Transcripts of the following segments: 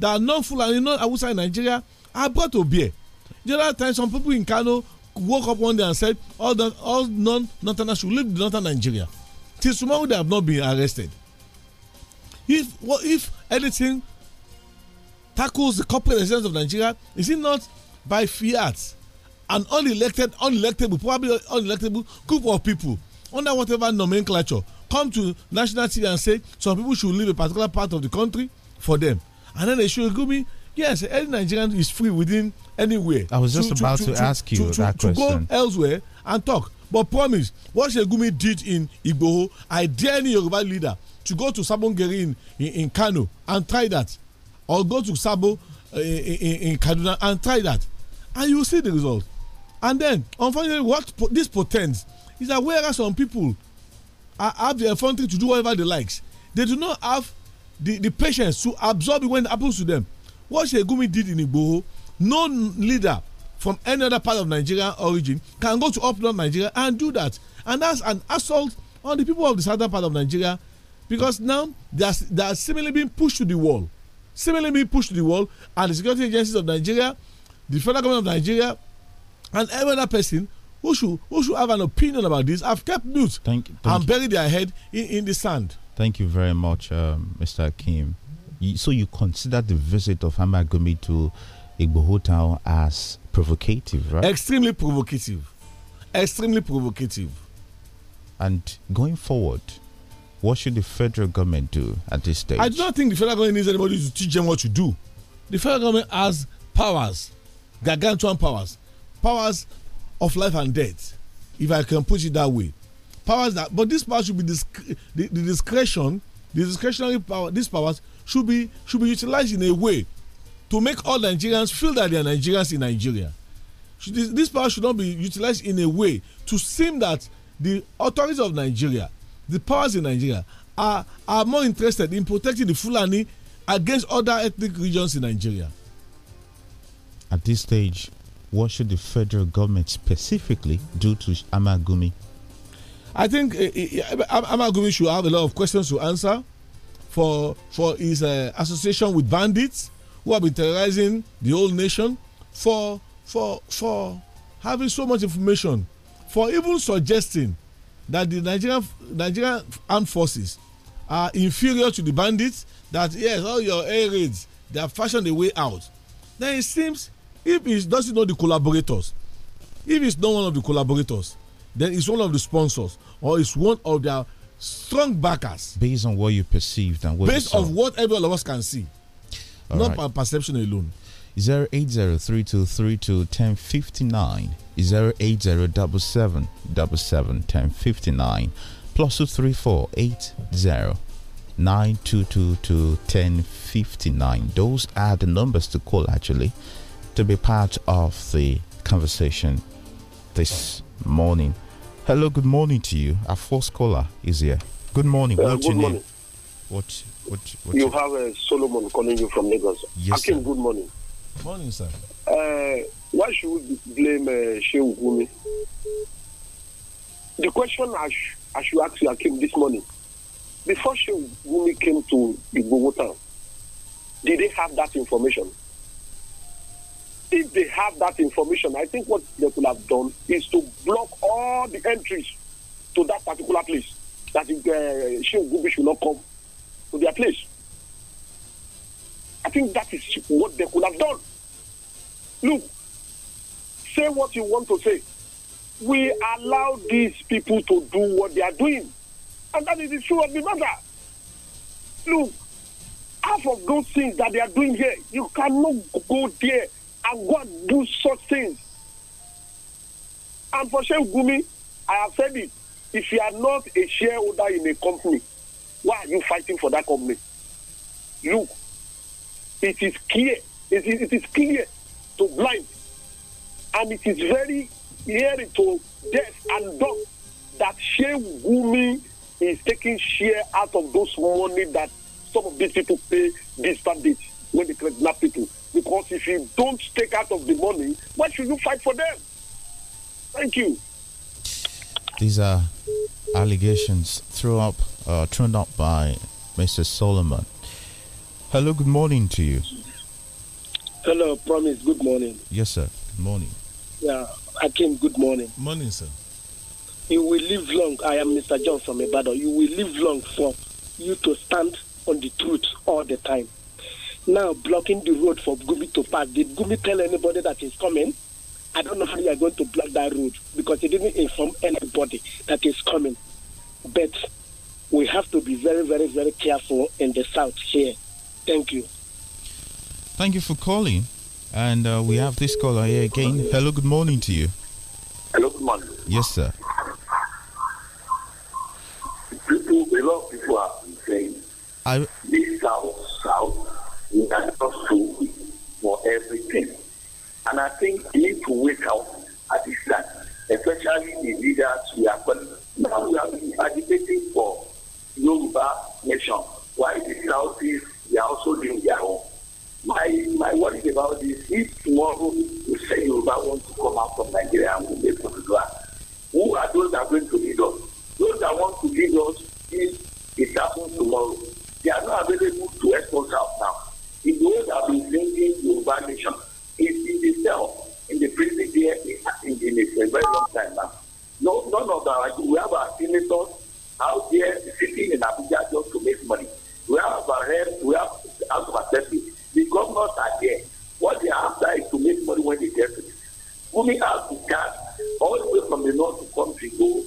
that are non Fulani, non Awusa in Nigeria are brought to bear. The other time, some people in Kano woke up one day and said, all, the, all non Northerners should leave northern Nigeria. Till tomorrow, they have not been arrested. If, what if anything tackles the corporate essence of Nigeria, is it not by fiat? An unelected, unelectable, probably unelectable group of people under whatever nomenclature come to national city and say some people should leave a particular part of the country for them and then they should give me yes any Nigerian is free within anywhere. I was just to, about to, to, to ask you that question. To go elsewhere and talk but promise what Shegumi did in Igboho I dare any Yoruba leader to go to Sabongeri in, in, in Kano and try that or go to Sabo uh, in, in Kaduna and try that and you see the result and then unfortunately what po this portends is that whereas some people are, have the authority to do whatever they like they do not have the the patience to absorb it when it happens to them what Shegumi did in Igboho no leader from any other part of Nigerian origin can go to up north Nigeria and do that and that's an assault on the people of the southern part of Nigeria because now they are, they are seemingly being pushed to the wall seemingly being pushed to the wall and the security agencies of Nigeria the federal government of Nigeria and every other person who should who should have an opinion about this have kept mute Thank you. Thank and buried their head in, in the sand. Thank you very much, uh, Mr. Kim. You, so you consider the visit of Amagumi to Igboho town as provocative, right? Extremely provocative. Extremely provocative. And going forward, what should the federal government do at this stage? I do not think the federal government needs anybody to teach them what to do. The federal government has powers, gargantuan powers, powers of life and death, if I can put it that way powers that but this power should be disc the, the discretion the discretionary power these powers should be should be utilized in a way to make all nigerians feel that they are nigerians in nigeria should this, this power should not be utilized in a way to seem that the authorities of nigeria the powers in nigeria are are more interested in protecting the fulani against other ethnic regions in nigeria. at this stage what should the federal government specifically do to amagumi I think uh, Amagumi should have a lot of questions to answer for for his uh, association with bandits who have been terrorizing the whole nation for for for having so much information for even suggesting that the Nigerian Nigerian armed forces are inferior to the bandits that yes all your air raids they have fashioned a way out then it seems if he doesn't know the collaborators if he's not one of the collaborators then it's one of the sponsors or it's one of their strong backers. Based on what you perceived and what based on what every of us can see, All not right. by perception alone. 08032321059 08077771059 plus 23480 those are the numbers to call actually to be part of the conversation this morning. Hello, good morning to you. Our first caller is here. Good morning. Uh, What's good your morning. name? What, what, what you, you have a uh, Solomon calling you from Lagos. Yes. Akim, good morning. Morning, sir. Uh, why should we blame uh, Shehu Gumi? The question I, sh I should ask you, Akim, this morning before Shehu Gumi came to Igbo town, did they have that information? if they have that information, I think what they could have done is to block all the entries to that particular place. That uh, Shingubi should not come to their place. I think that is what they could have done. Look, say what you want to say. We allow these people to do what they are doing. And that is the truth of the matter. Look, half of those things that they are doing here, you cannot go there and God do such things. And for Shem Gumi, I have said it. If you are not a shareholder in a company, why are you fighting for that company? Look, it is clear. It is, it is clear to blind. And it is very near to death and dumb that Shem Gumi is taking share out of those money that some of these people pay these bandit when they kidnap people because if you don't take out of the money, why should you fight for them? Thank you. These are allegations thrown up, uh, thrown up by Mr. Solomon. Hello, good morning to you. Hello, Promise, good morning. Yes, sir, good morning. Yeah, I came. good morning. Morning, sir. You will live long. I am Mr. Johnson Mebado. You will live long for you to stand on the truth all the time now blocking the road for Gumi to pass. Did Gumi tell anybody that he's coming? I don't know how you are going to block that road because he didn't inform anybody that he's coming. But we have to be very, very, very careful in the south here. Thank you. Thank you for calling. And uh, we have this caller here again. Hello, good morning to you. Hello, good morning. Yes, sir. People, a lot of people are insane. I, that's not so for everything. And I think we need to wake up at this time, especially the leaders we are now we are agitating for Yoruba nation, while the is, they are also doing their own. My my worry about this if tomorrow we say Yoruba want to come out from Nigeria and we make Odua, who are those that are going to lead us? Those that want to lead us if it happens tomorrow, they are not available to us out now. those have been bringing Yoruba nation is in the cell in the prison there in, in, a very long time now. No, none of our we have our senators out there sitting in Abuja just to make money. We have our heads, we have out of assembly. The governors are there. What they are after is to make money when they get it. we have to gas all the way from the north to country? to go.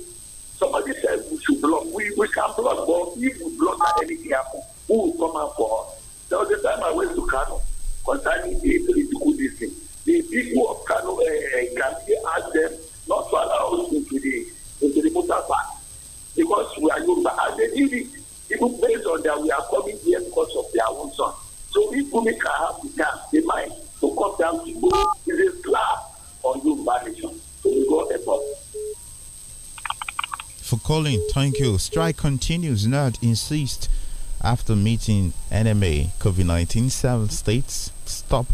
Somebody said we should block. We, we can block, but if we block and anything happens, who will come out for us? There was a time I went to Kano concerning the political district. The people of Kano uh, eh, eh, Gambia asked them not to allow into the into the motor park because we are Yoruba and they did it even based on that we are coming here because of their own son. So if women can have the time, the mind to come down to go is a slap on Yoruba nation. So we go above. For calling, thank you. Strike continues, not insist. after meeting NMA COVID 19, seven states stop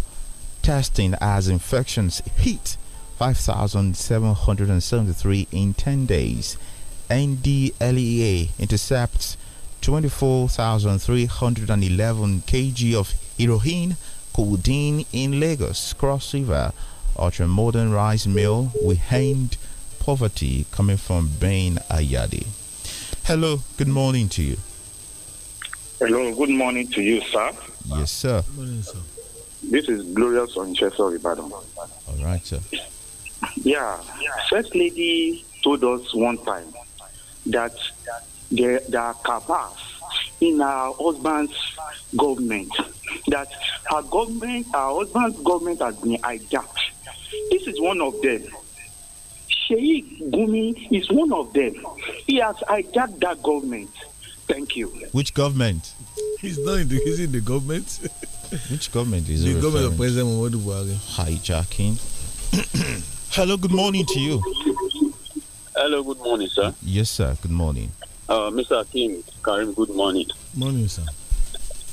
testing as infections hit 5,773 in 10 days. NDLEA intercepts 24,311 kg of heroin, codeine in Lagos, Cross River. Modern rice mill will end poverty coming from Bain Ayadi. Hello, good morning to you. Hello, good morning to you, sir. Yes, sir. Good morning, sir. This is Glorious on Chester Ibadan. All right, sir. Yeah, First Lady told us one time that there, there are cabals in our husband's government, that our government, our husband's government has been hijacked. This is one of them. Sheikh Gumi is one of them. He has hijacked that government Thank you. Which government? He's not in the, he's in the government. Which government is it? The government of President Muhammadu Buhari. Hijacking. Hello, good morning to you. Hello, good morning, sir. Yes, sir. Good morning. Uh, Mr. Akim Karim, good morning. Morning, sir.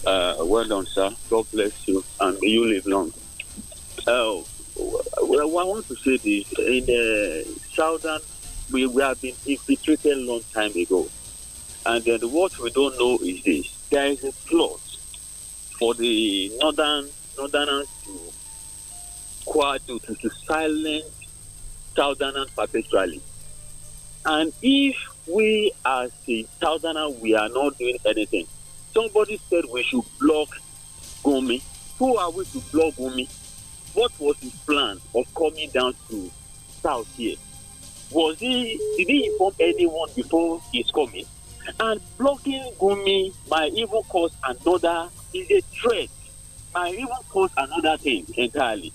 Uh, well done, sir. God bless you, and you live long. Uh, well, I want to say this. In the uh, southern, we, we have been infiltrated a long time ago. And uh, then what we don't know is this: there is a plot for the northern northerners to quiet to, to, silence southerners perpetually. And if we as the southerner we are not doing anything, somebody said we should block Gumi. Who are we to block Gumi? What was his plan of coming down to south here? Was he did he inform anyone before his coming? And blocking Gumi by evil cause another is a threat, might even cause another thing entirely.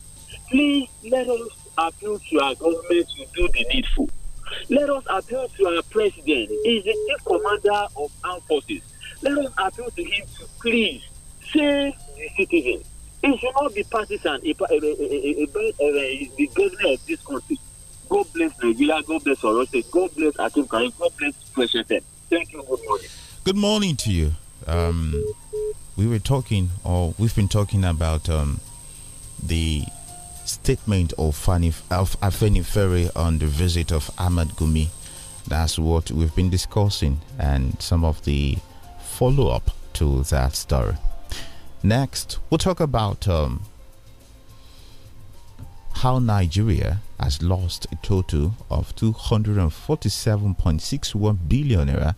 Please let us appeal to our government to do the needful. Let us appeal to our president. He is the chief commander of armed forces. Let us appeal to him to please save the citizens. It should not be partisan about eh, eh, eh, the governor of this country. God bless Nigeria. God bless Oro God bless Akim Karim. God bless President. Thank you. Good morning. Good morning to you. Um, we were talking, or we've been talking about um, the statement of Fanny of Afeni Ferry on the visit of Ahmad Gumi. That's what we've been discussing, and some of the follow up to that story. Next, we'll talk about um, how Nigeria has lost a total of 247.61 billion naira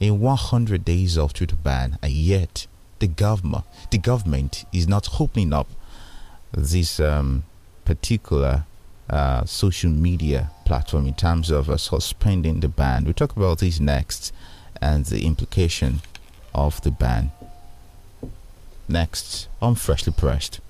in 100 days of Twitter ban, and yet the government the government is not opening up this um, particular uh, social media platform in terms of uh, suspending the ban. We'll talk about this next and the implication of the ban. Next on Freshly Pressed.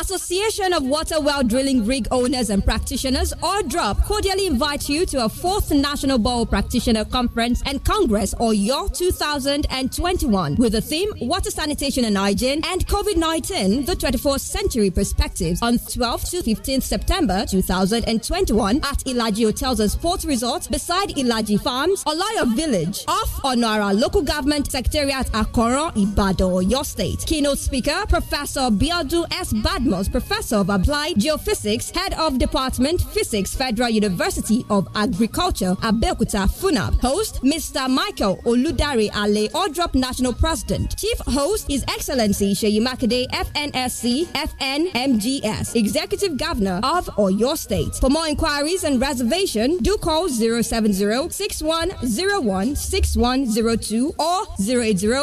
Association of Water Well Drilling Rig Owners and Practitioners, or DROP, cordially invite you to a fourth National Bowl Practitioner Conference and Congress, or YOR 2021, with the theme Water Sanitation and Hygiene and COVID 19, the 21st Century Perspectives, on 12th to 15th September 2021 at Ilaji Hotels and Sports Resort beside Ilaji Farms, Olaya Village, off Onara Local Government Secretariat, Akoro, Ibado, your state. Keynote speaker, Professor Professor Biodu S. Badmos, Professor of Applied Geophysics, Head of Department Physics, Federal University of Agriculture, Abeokuta, Funab. Host, Mr. Michael Oludari Ale, Odrop National President. Chief host is Excellency Sheyimakade, FNSC, FNMGS, Executive Governor of Oyo State. For more inquiries and reservation, do call 070 6101 6102 or 080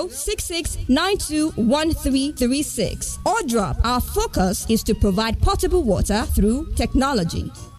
or drop. Our focus is to provide potable water through technology.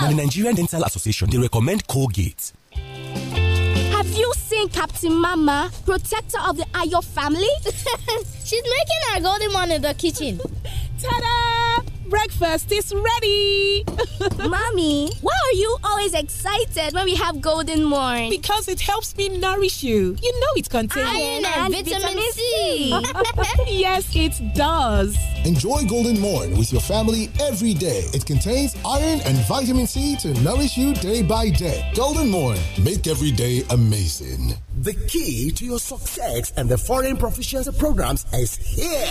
Now, the Nigerian Dental Association, they recommend Colgate. Have you seen Captain Mama, protector of the Ayo family? She's making her golden one in the kitchen. Ta-da! breakfast is ready. Mommy, why are you always excited when we have Golden Morn? Because it helps me nourish you. You know it contains iron and, and vitamin, vitamin C. yes, it does. Enjoy Golden Morn with your family every day. It contains iron and vitamin C to nourish you day by day. Golden Morn, make every day amazing. The key to your success and the foreign proficiency programs is here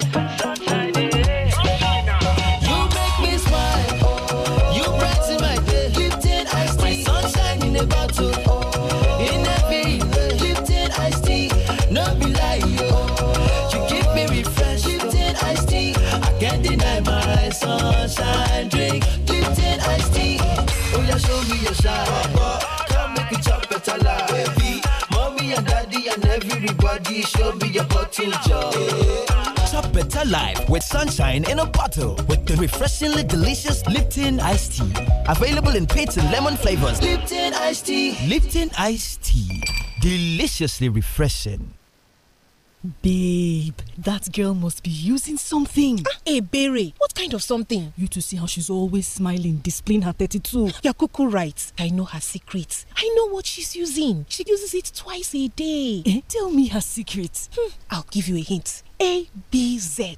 Get the diamond sunshine drink, Lipton iced tea. Oh yeah, show me your shine. Come make it chop better life. Baby, mommy and daddy and everybody, show me your bottle job. Chop better life with sunshine in a bottle with the refreshingly delicious Lipton iced tea. Available in peach and lemon flavors. Lipton iced tea. Lipton iced tea. Deliciously refreshing. Babe, that girl must be using something. Ah, hey, Berry, what kind of something? You to see how she's always smiling, displaying her 32. Yeah, cuckoo right. I know her secrets. I know what she's using. She uses it twice a day. Eh? Tell me her secret. Hmm. I'll give you a hint. A B Z.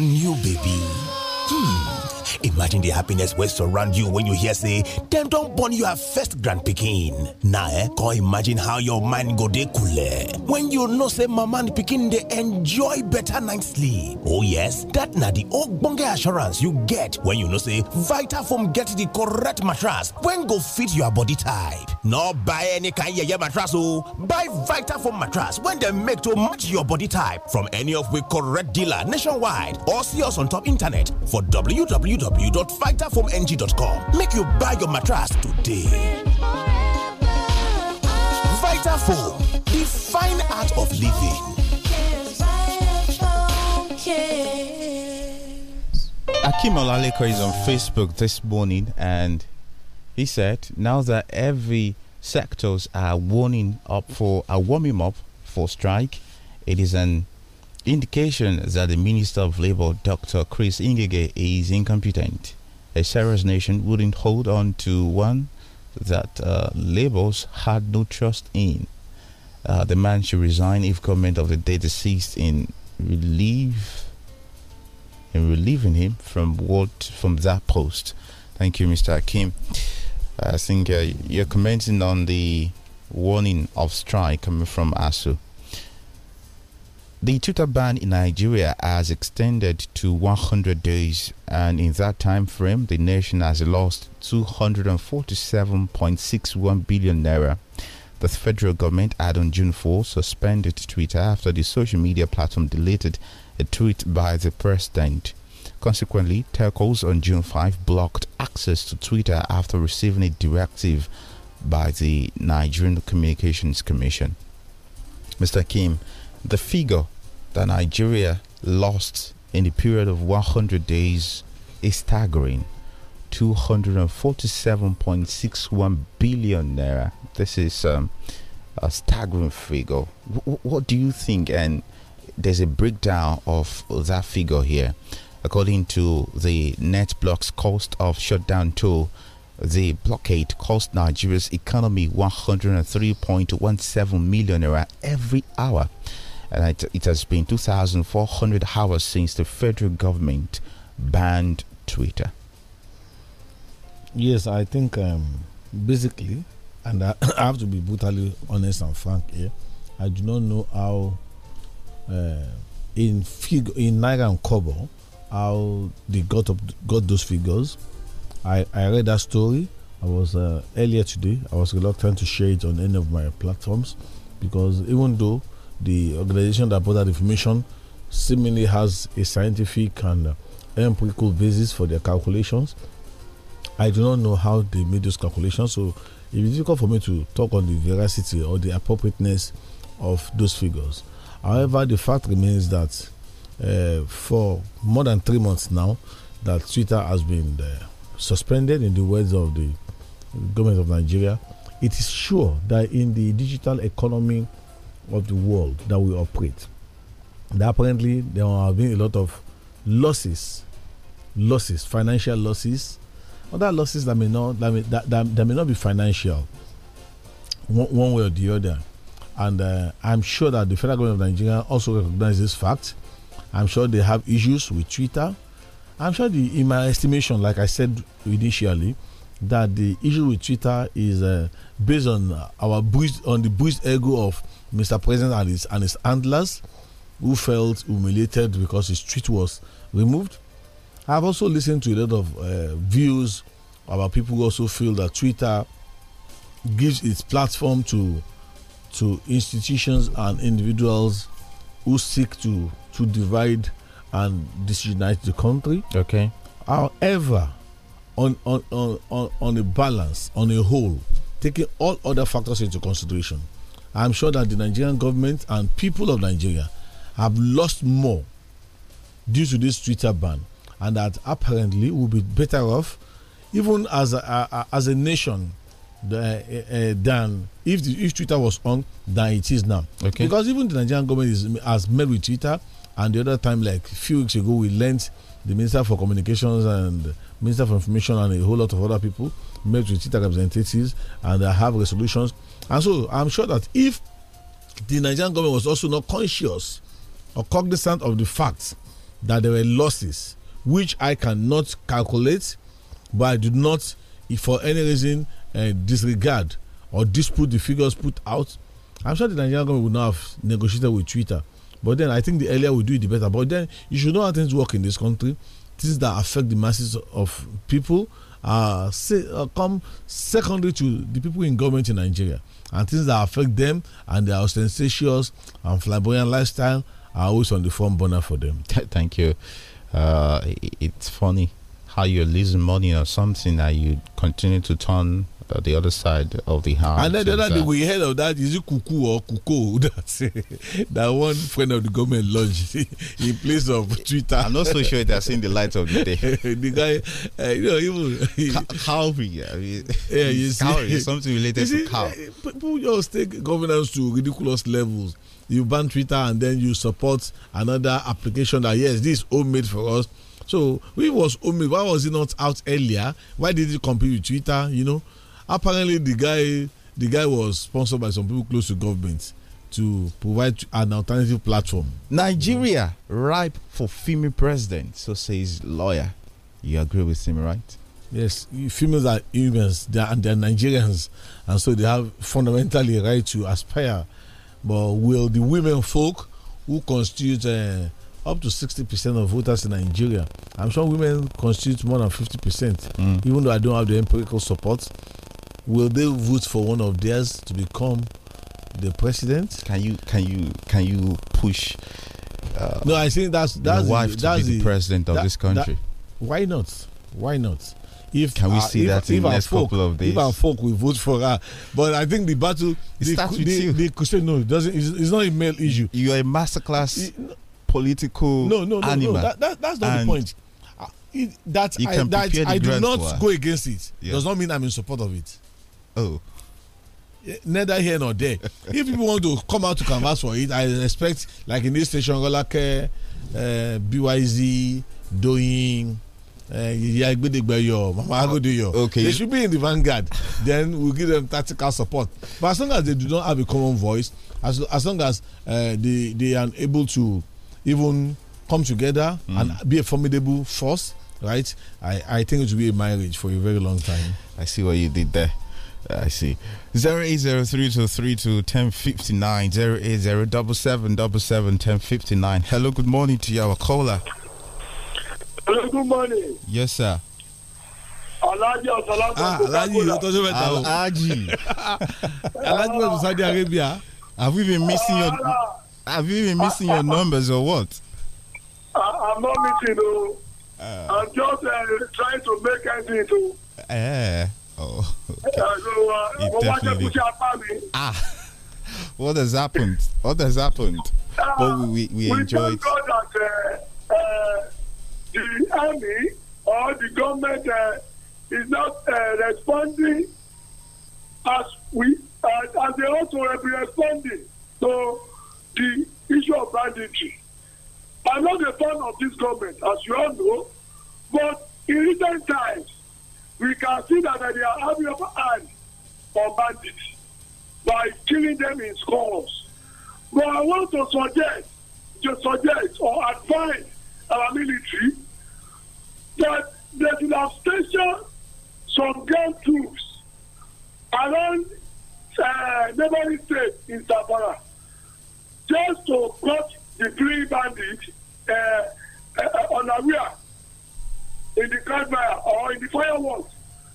New baby. Hmm. Imagine the happiness wey surround you when you hear say dem don you your first grand picking. Now, eh, come imagine how your mind go de coole when you know say mama and picking, they enjoy better night sleep. Oh yes, that na the old ogbonge assurance you get when you know say Vitafoam get the correct mattress when go fit your body type. No buy any kind yeye mattress oh buy Vitafoam mattress when they make to match your body type from any of we correct dealer nationwide or see us on top internet for www www.vitafoamng.com. Make you buy your mattress today. Vitafoam, the fine art of living. Akim Olaleko is on Facebook this morning and he said now that every sectors are warming up for a warming up for strike, it is an Indication that the Minister of Labour, Dr. Chris Ingege, is incompetent. A serious nation wouldn't hold on to one that uh, had no trust in. Uh, the man should resign if government of the day deceased in relief in relieving him from what from that post. Thank you, Mr. Kim. I think uh, you're commenting on the warning of strike coming from ASU. The Twitter ban in Nigeria has extended to 100 days, and in that time frame, the nation has lost 247.61 billion naira. The federal government had on June 4 suspended Twitter after the social media platform deleted a tweet by the president. Consequently, telcos on June 5 blocked access to Twitter after receiving a directive by the Nigerian Communications Commission. Mr. Kim, the figure that Nigeria lost in the period of 100 days is staggering 247.61 billion naira. This is um, a staggering figure. W what do you think? And there's a breakdown of that figure here. According to the net blocks cost of shutdown tool, the blockade cost Nigeria's economy 103.17 million naira every hour. And it, it has been 2,400 hours since the federal government banned Twitter. Yes, I think um, basically, and I, I, have to be brutally honest and frank here, I do not know how uh, in fig- in Niger and Kobo how they got up got those figures. I, I read that story. I was uh, earlier today. I was reluctant to share it on any of my platforms because even though the organization that brought that the information seemingly has a scientific and uh, empirical basis for their calculations. I do not know how they made those calculations, so it is difficult for me to talk on the veracity or the appropriateness of those figures. However, the fact remains that uh, for more than three months now, that Twitter has been uh, suspended, in the words of the government of Nigeria. It is sure that in the digital economy of the world that we operate. That apparently there have been a lot of losses, losses, financial losses, other losses that may not that may, that, that, that may not be financial, one, one way or the other. And uh, I'm sure that the federal government of Nigeria also recognizes this fact. I'm sure they have issues with Twitter. I'm sure the, in my estimation, like I said initially, that the issue with Twitter is uh, based on our bruised, on the bruised ego of Mr. President and his, and his handlers who felt humiliated because his tweet was removed. I've also listened to a lot of uh, views about people who also feel that Twitter gives its platform to to institutions and individuals who seek to to divide and disunite the country. Okay. However, on on on on a balance, on a whole, taking all other factors into consideration, I'm sure that the Nigerian government and people of Nigeria have lost more due to this Twitter ban, and that apparently will be better off, even as a, a as a nation, the, uh, uh, than if the, if Twitter was on than it is now. Okay. Because even the Nigerian government is has met with Twitter, and the other time, like a few weeks ago, we learnt the minister for communications and minister for information and a whole lot of other people met with Twitter representatives, and they have resolutions and so I'm sure that if the Nigerian government was also not conscious or cognizant of the fact that there were losses, which I cannot calculate, but I did not, for any reason, uh, disregard or dispute the figures put out. I'm sure the Nigerian government would not have negotiated with Twitter. But then I think the earlier we do it, the better. But then you should know how things work in this country. Things that affect the masses of people uh, say, uh, come secondary to the people in government in Nigeria. And things that affect them and their ostentatious and flamboyant lifestyle are always on the front burner for them. Thank you. Uh, it's funny how you're losing money or something that you continue to turn uh, the other side of the house. And then the other thing uh, we heard of that is it Kuku or Kuko that that one friend of the government launched in place of Twitter. I'm not so sure they are seen the light of the day. the guy, uh, you know, even cowry. I mean, yeah, you see, cowry is something related see, to cow. People just take governance to ridiculous levels you ban Twitter and then you support another application that yes, this is homemade for us. So we was homemade. Why was it not out earlier? Why did it compete with Twitter? You know apparently the guy the guy was sponsored by some people close to government to provide an alternative platform. Nigeria ripe for female president, so says lawyer. You agree with him, right? Yes, females are humans, they are, they are Nigerians, and so they have fundamentally a right to aspire. But will the women folk who constitute uh, up to 60% of voters in Nigeria, I'm sure women constitute more than 50%, mm. even though I don't have the empirical support will they vote for one of theirs to become the president? Can you can you can you push? Uh, no, I think that's that's the wife the, that's to be the, the president of that, this country. That, why not? Why not? If can we uh, see if, that if in the next folk, couple of days? If our folk will vote for her, but I think the battle it starts with you. They could say no. It doesn't it's, it's, not a male issue. You are a masterclass it, political no no no, no. That, that, that's not the point. Uh, it, that I, that I do not go against it yeah. does not mean I'm in support of it. Oh. Eh, neither here nor there. if people want to come out to canvas for it, I expect like in this station, Golake, uh, BYZ, Doing, your, Mama ah, you? Okay. They should be in the vanguard. then we'll give them tactical support. But as long as they do not have a common voice, as, as long as uh, they, they are able to even come together mm. and be a formidable force, right? I, I think it will be a marriage for a very long time. I see what you did there. I see. 08032321059 08077771059. Hello, good morning to you, our caller. Hello, good morning. Yes, sir. Alhaji Ọ̀sánlágbọ̀n ah, Alhaji yóò tọ́jú mẹ́ta o. Alhaji Alhaji went to Saudi Arabia. Have you been missing your Have we been missing your ah, ah, ah. numbers or what? I, am not missing you. Oh. I'm just uh, trying to make ends meet o. Uh, eh. Oh, uh, definitely. Ah, what has happened? What has happened? But uh, we, we, we enjoyed. God that uh, uh, the army or the government uh, is not uh, responding as we as they also be responding to the issue of banditry. I'm not a fan of this government, as you all know, but in recent times, we can see that they are having a hand on bandits by killing them in scores. But I want to suggest, to suggest or advise our military that they should have stationed some ground troops around uh, neighboring state in Safara just to cut the three bandits uh, uh, uh rear in the crossfire or in the fireworks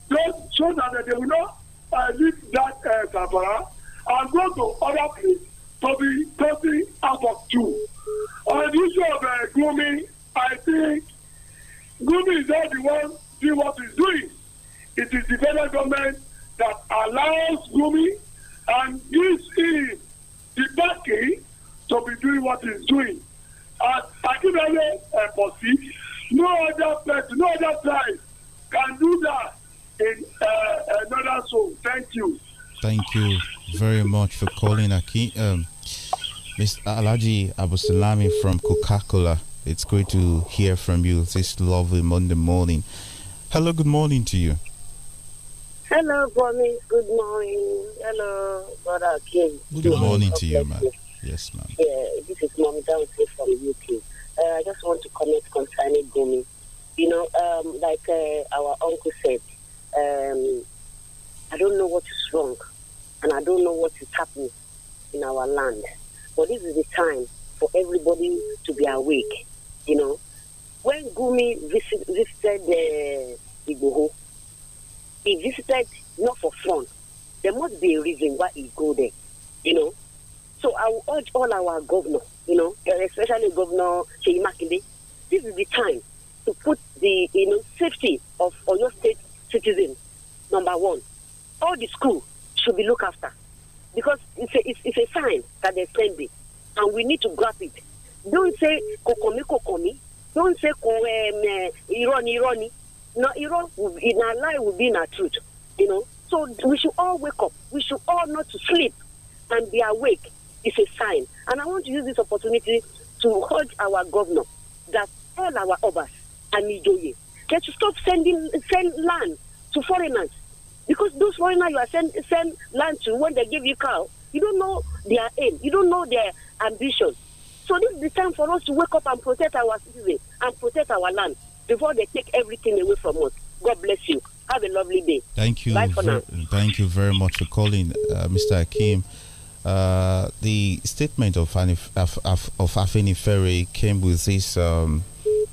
just so that they will not uh, leave that uh, and go to other place to be totally out of two. On the issue of uh, grooming, I think grooming is not the one doing what he's doing. It is the federal government that allows grooming and gives him the backing to be doing what is doing. As Akindele uh, no other person, no other tribe can do that in uh, another soul. Thank you. Thank you very much for calling, Aki. Um, Mr. Alaji Abusalami from Coca Cola. It's great to hear from you this lovely Monday morning. Hello, good morning to you. Hello, Kwame. Good morning. Hello, Brother King. Good, good morning, morning to you, ma'am. Yes, ma'am. Yeah, this is Mom Dante from UK uh, I just want to comment concerning Gumi. You know, um, like uh, our uncle said, um, I don't know what is wrong, and I don't know what is happening in our land. But this is the time for everybody to be awake. You know, when Gumi visit, visited uh, Igboho, he visited not for fun. There must be a reason why he go there. You know, so I will urge all our governors you know, especially Governor Sheyi Makinde, this is the time to put the, you know, safety of Oyo State citizens, number one. All the school should be looked after because it's a, it's, it's a sign that they there's trending and we need to grasp it. Don't say kokomi kokomi. Don't say ko um, eh, ironi ironi. No, ironi in our lie will be in our truth. You know, so we should all wake up. We should all not sleep and be awake is a sign. And I want to use this opportunity to urge our governor that all our obas and Nijoye, get to stop sending send land to foreigners. Because those foreigners you are send, send land to when they give you cow, you don't know their aim, you don't know their ambition. So this is the time for us to wake up and protect our citizens and protect our land before they take everything away from us. God bless you. Have a lovely day. Thank you. Bye for now. Thank you very much for calling, uh, Mr. Akim. Uh, the statement of of, of, of Afeni Ferry came with this um,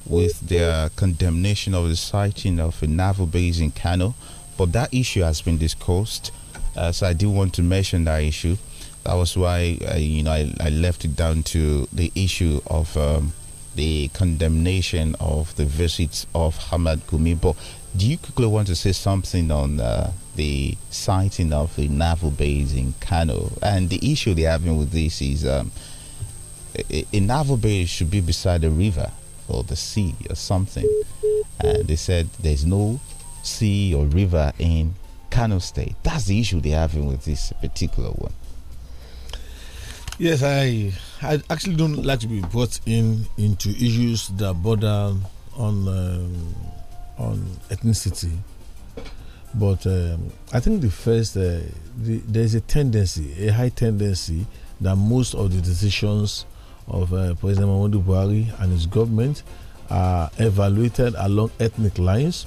with their condemnation of the sighting of a naval base in Kano, but that issue has been discussed. Uh, so I do want to mention that issue. That was why I, you know I, I left it down to the issue of um, the condemnation of the visits of Hamad Gumi. But do you quickly want to say something on uh, the sighting of the naval base in Kano. And the issue they're having with this is um, a, a, naval base should be beside a river or the sea or something. And they said there's no sea or river in Kano State. That's the issue they're having with this particular one. Yes, I I actually don't like to be brought in into issues that border on um, on ethnicity but um, I think the first, uh, the, there's a tendency, a high tendency, that most of the decisions of uh, President Mahmoud Buhari and his government are evaluated along ethnic lines.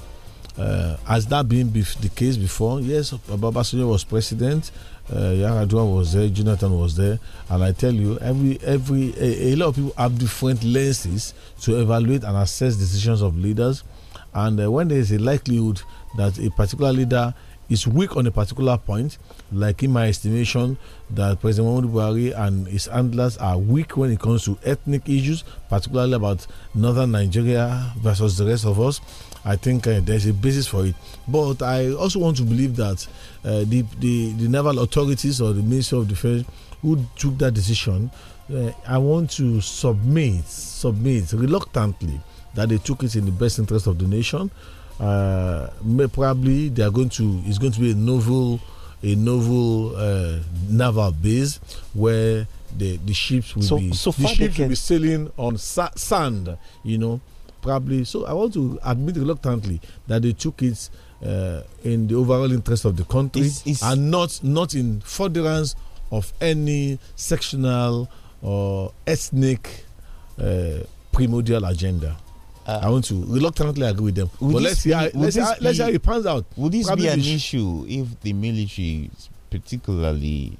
Uh, has that been the case before? Yes, Babasunyo was president, uh, Yaradua was there, Jonathan was there, and I tell you, every every a, a, lot of people have different lenses to evaluate and assess decisions of leaders, and uh, when there is a likelihood that a particular leader is weak on a particular point, like in my estimation that President Mahmoud Buhari and his handlers are weak when it comes to ethnic issues, particularly about northern Nigeria versus the rest of us. I think uh, there's a basis for it. But I also want to believe that uh, the, the, the naval authorities or the Minister of Defense who took that decision, uh, I want to submit, submit reluctantly that they took it in the best interest of the nation uh, probably they are going to it's going to be a novel a novel uh, naval base where the the ships will so, be so the ships will be sailing on sa sand you know probably so i want to admit reluctantly that they took it uh, in the overall interest of the country it's, it's and not not in furtherance of any sectional or ethnic uh, primordial agenda uh, I want to reluctantly agree with them. But let's see, how, let's, let's see how it pans out. Would this Probably be an issue if the military, particularly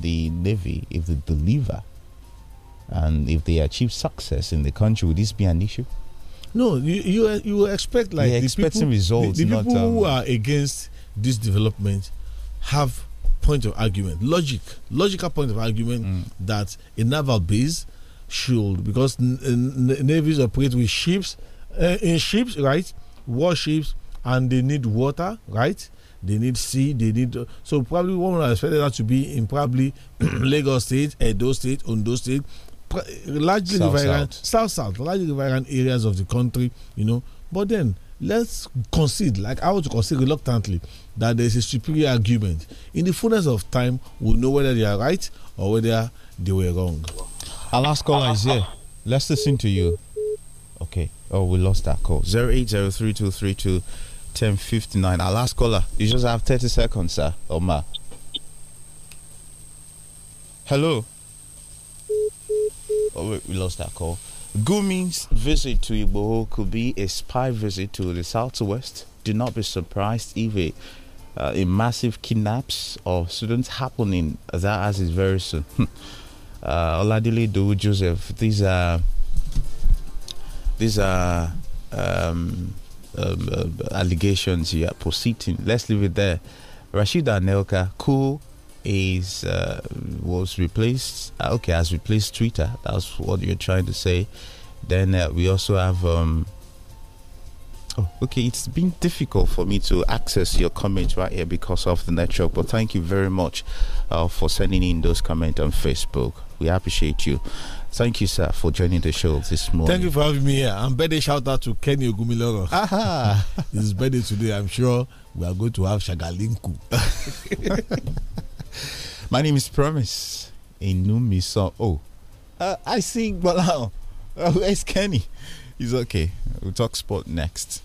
the navy, if they deliver and if they achieve success in the country, would this be an issue? No, you you, you expect like the people, results. The, the people not, um, who are against this development have point of argument, logic, logical point of argument mm. that a naval base should because navies operate with ships uh, in uh, ships, right? Warships, and they need water, right? They need sea, they need. Uh, so probably one would expect that to be in probably Lagos State, Edo State, Ondo State, largely south, riverine, south. south south, largely riverine areas of the country, you know. But then let's concede, like I would concede reluctantly, that there is a superior argument. In the fullness of time, we'll know whether they are right or whether they were wrong. Our last caller is here. Let's listen to you. Okay. Oh, we lost that call. 0803232 Our last caller. You just have 30 seconds, sir. Omar. Oh, Hello. Oh, wait, we lost that call. Gumi's visit to Igboho could be a spy visit to the southwest. Do not be surprised if a, uh, a massive kidnaps of students happening. That as is very soon. uh, Oladile Joseph. These are. Uh, these are um, um, uh, allegations you are proceeding. Let's leave it there. Rashida Anelka, cool is uh, was replaced. Uh, okay, has replaced Twitter. That's what you're trying to say. Then uh, we also have um, Oh, okay, it's been difficult for me to access your comments right here because of the network, but thank you very much uh, for sending in those comments on Facebook. We appreciate you. Thank you, sir, for joining the show this morning. Thank you for having me here. And birthday shout out to Kenny Ogumiloro. It's His birthday today, I'm sure we are going to have Shagalinku. My name is Promise Inumi. So, oh, uh, I see. Well, uh, where's Kenny? He's okay. We'll talk sport next.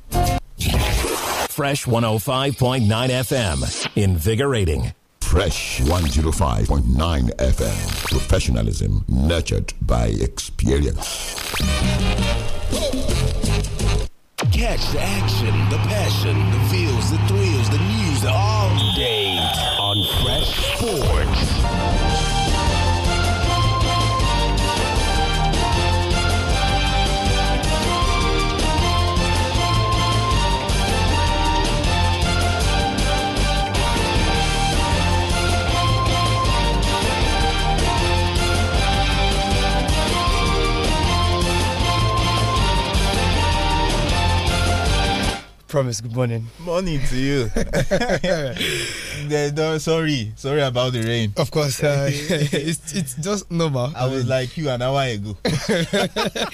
Fresh 105.9 FM. Invigorating. Fresh 105.9 FM. Professionalism nurtured by experience. Catch the action, the passion, the feels, the thrills, the news all day on Fresh Sport. promise. Good morning. Morning to you. no, sorry, sorry about the rain. Of course, uh, it's it's just normal. I was like you an hour ago.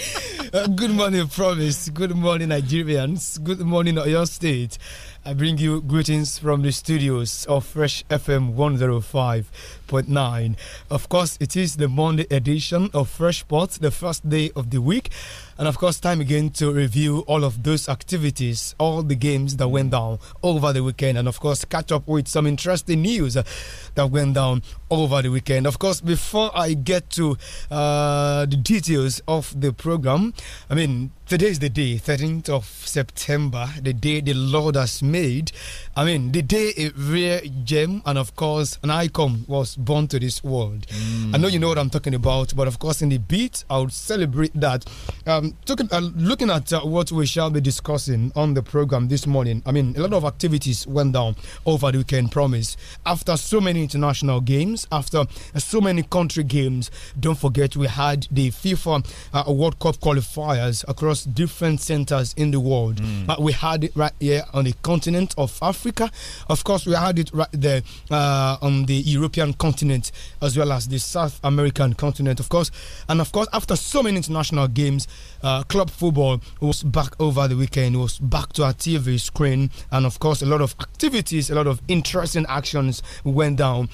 Uh, good morning, promise. Good morning, Nigerians. Good morning, your state. I bring you greetings from the studios of Fresh FM 105.9. Of course, it is the Monday edition of Fresh Sports, the first day of the week. And of course, time again to review all of those activities, all the games that went down over the weekend, and of course, catch up with some interesting news that went down over the weekend. Of course, before I get to uh, the details of the program, I mean, Today is the day, 13th of September, the day the Lord has made. I mean, the day a rare gem and, of course, an icon was born to this world. Mm. I know you know what I'm talking about, but of course, in the beat, I will celebrate that. Um, talking, uh, looking at uh, what we shall be discussing on the program this morning, I mean, a lot of activities went down over the weekend, promise. After so many international games, after so many country games, don't forget we had the FIFA uh, World Cup qualifiers across across different centers in the world. Mm. we had it right here on the continent of Africa. Of course, we had it right there uh, on the European continent as well as the South American continent, of course. And of course, after so many international games, uh, club football was back over the weekend, was back to our TV screen. And of course, a lot of activities, a lot of interesting actions went down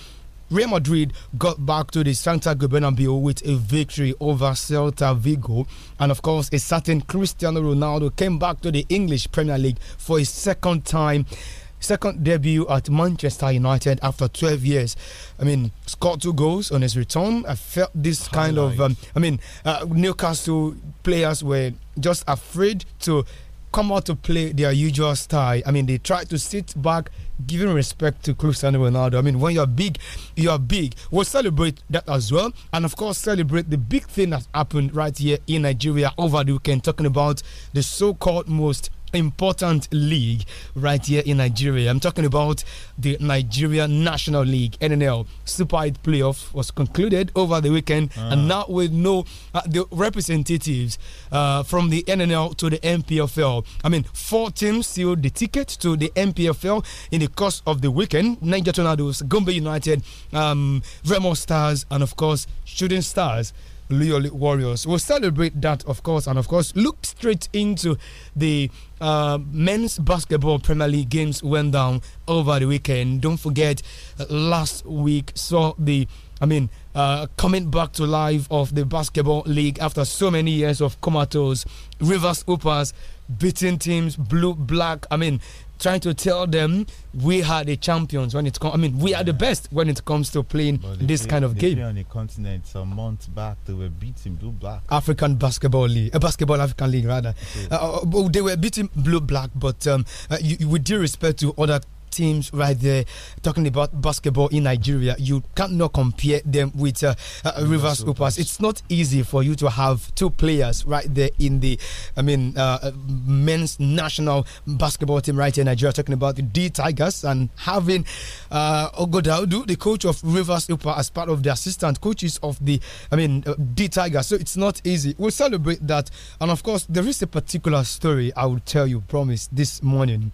Real Madrid got back to the Santa Bernabeu with a victory over Celta Vigo. And of course, a certain Cristiano Ronaldo came back to the English Premier League for his second time second debut at Manchester United after 12 years. I mean, scored two goals on his return. I felt this kind Highlight. of, um, I mean, uh, Newcastle players were just afraid to come out to play their usual style. I mean, they try to sit back, giving respect to Cristiano Ronaldo. I mean, when you're big, you're big. We'll celebrate that as well. And of course, celebrate the big thing that happened right here in Nigeria over the weekend, talking about the so called most important league right here in Nigeria. I'm talking about the Nigeria National League NNL Super 8 playoff was concluded over the weekend uh. and now we know uh, the representatives uh, from the NNL to the MPFL. I mean, four teams sealed the ticket to the MPFL in the course of the weekend. Niger Tornadoes, Gombe United, um, Remo Stars and of course Shooting Stars Loyoli Warriors. We'll celebrate that, of course, and of course, look straight into the uh, men's basketball Premier League games went down over the weekend. Don't forget, uh, last week saw the, I mean, uh, coming back to life of the basketball league after so many years of comatose. Rivers Uppers beating teams, blue, black, I mean, trying to tell them we are the champions when it comes. I mean, we yeah. are the best when it comes to playing this play, kind of game. on the continent some months back, they were beating Blue Black African Basketball League, uh, Basketball African League rather. Okay. Uh, uh oh, they were beating Blue Black, but um, uh, you, with due respect to other teams right there. Talking about basketball in Nigeria, you cannot compare them with uh, uh, Rivers Upas. It's not easy for you to have two players right there in the, I mean, uh, uh men's national basketball team right here in Nigeria. Talking about the D Tigers and having uh, Ogodaudu, the coach of Rivers Upa, as part of the assistant coaches of the, I mean, D uh, Tigers. So it's not easy. We'll celebrate that, and of course, there is a particular story I will tell you. Promise this morning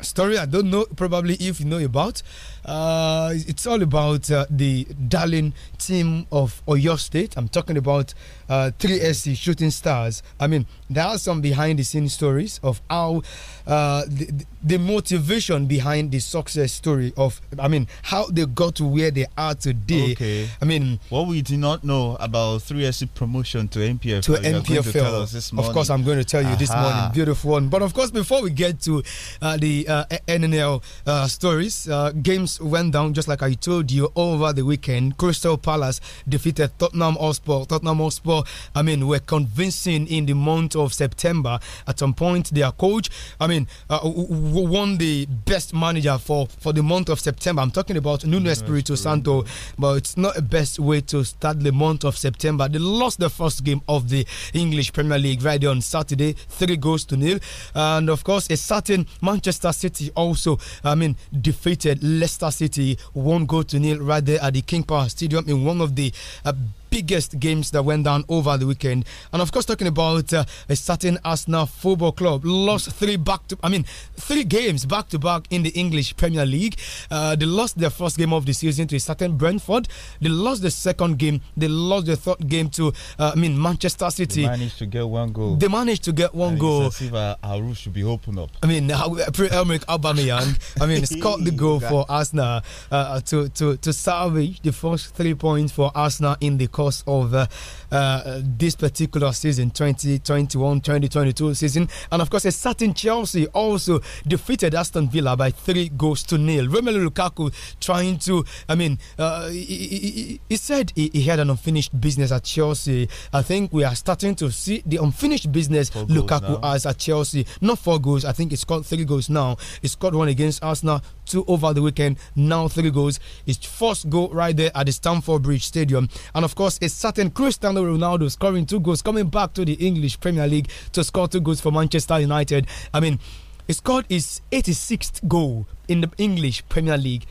story I don't know probably if you know about. Uh, it's all about uh, the darling team of Oyo State. I'm talking about uh, 3SC Shooting Stars. I mean, there are some behind the scenes stories of how uh, the, the, motivation behind the success story of, I mean, how they got to where they are today. Okay. I mean, what we did not know about 3SC promotion to MPFL. To MPFL. To of course, I'm going to tell you Aha. this morning. Beautiful one. But of course, before we get to uh, the uh, NNL stories, games went down just like I told you over the weekend. Crystal Palace defeated Tottenham Hotspur. Tottenham Hotspur, I mean, were convincing in the month of September. At some point, their coach, I mean, uh, won the best manager for for the month of September. I'm talking about Nuno Espirito Santo, but it's not a best way to start the month of September. They lost the first game of the English Premier League right there on Saturday, three goals to nil, and of course, a certain Manchester City also, I mean, defeated Leicester. Leicester City won't go to nil right there at the King Power Stadium in one of the uh, biggest games that went down over the weekend. And of course, talking about uh, a certain Arsenal Football Club lost three back to, I mean, three games back to back in the English Premier League. Uh, they lost their first game of the season to a certain Brentford. They lost the second game. They lost the third game to, uh, I mean, Manchester City. They managed to get one goal. They managed to get one and goal. As if our, our roof should be open up. I mean, uh, Elmerick Aubameyang, I mean, scored the goal for Arsenal uh, to to to salvage the first three points for Arsenal in the cup course of uh, uh, this particular season, 2021 2022 season. And of course, a certain Chelsea also defeated Aston Villa by three goals to nil. Romelu Lukaku trying to, I mean, uh, he, he, he, said he, he, had an unfinished business at Chelsea. I think we are starting to see the unfinished business Lukaku has at Chelsea. Not four goals, I think he scored three goals now. He scored one against Arsenal two over the weekend, now three goals. His first goal right there at the Stamford Bridge Stadium. And of course, a certain Cristiano Ronaldo scoring two goals, coming back to the English Premier League to score two goals for Manchester United. I mean, he scored his 86th goal in the English Premier League.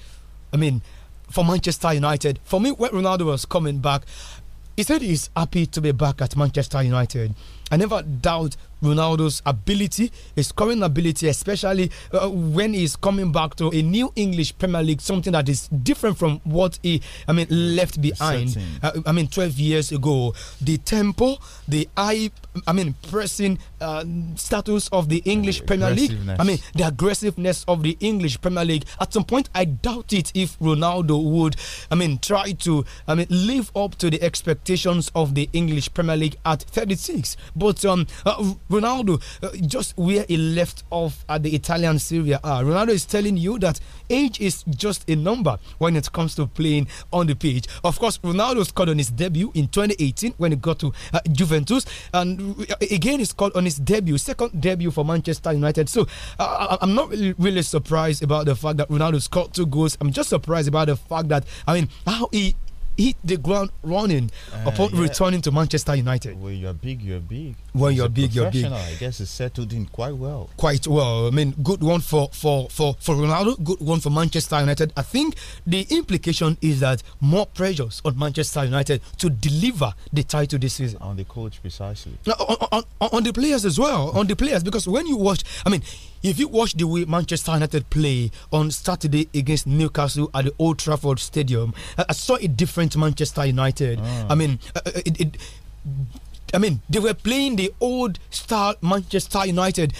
I mean, for Manchester United. For me, when Ronaldo was coming back, he said he's happy to be back at Manchester United. I never doubt Ronaldo's ability, his current ability, especially uh, when he's coming back to a new English Premier League, something that is different from what he, I mean, left behind. Uh, I mean, 12 years ago, the tempo, the high, I mean, pressing uh, status of the English the Premier League. I mean, the aggressiveness of the English Premier League. At some point, I doubt it if Ronaldo would, I mean, try to, I mean, live up to the expectations of the English Premier League at 36. But um, uh, Ronaldo, uh, just where he left off at the Italian Serie A. Ronaldo is telling you that age is just a number when it comes to playing on the pitch. Of course, Ronaldo scored on his debut in 2018 when he got to uh, Juventus, and uh, again he scored on his debut, second debut for Manchester United. So uh, I'm not really, really surprised about the fact that Ronaldo scored two goals. I'm just surprised about the fact that I mean how he hit the ground running uh, upon yeah. returning to Manchester United. Well, you're big, you're big when He's you're big, you're big. I guess it's settled in quite well. Quite well. I mean, good one for for for for Ronaldo. Good one for Manchester United. I think the implication is that more pressures on Manchester United to deliver the title this season. On the coach, precisely. On, on, on the players as well. on the players, because when you watch, I mean, if you watch the way Manchester United play on Saturday against Newcastle at the Old Trafford Stadium, I, I saw a different Manchester United. Ah. I mean, uh, uh, it, it I mean, they were playing the old style Manchester United.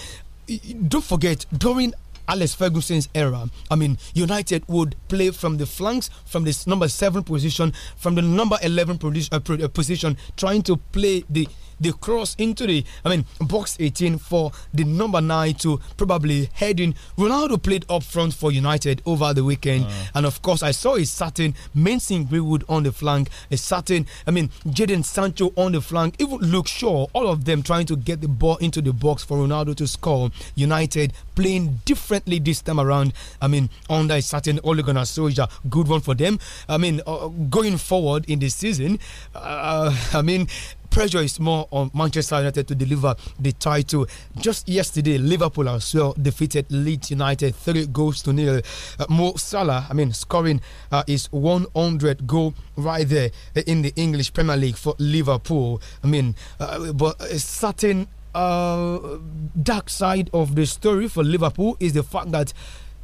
Don't forget, during Alex Ferguson's era, I mean, United would play from the flanks, from the number seven position, from the number 11 position, uh, uh, position trying to play the the cross into the, I mean, box 18 for the number nine to probably head in. Ronaldo played up front for United over the weekend. Uh. And of course, I saw a certain Mason Greenwood on the flank, a certain, I mean, Jaden Sancho on the flank, even Luke Shaw, all of them trying to get the ball into the box for Ronaldo to score. United playing differently this time around. I mean, under a certain Ole Gunnar Solskjaer, good one for them. I mean, uh, going forward in the season, uh, I mean, pressure is more on Manchester United to deliver the title. Just yesterday, Liverpool as well defeated Leeds United three goals to nil. Uh, Mo Salah, I mean, scoring uh, his 100 goal right there in the English Premier League for Liverpool. I mean, uh, but a certain uh, dark side of the story for Liverpool is the fact that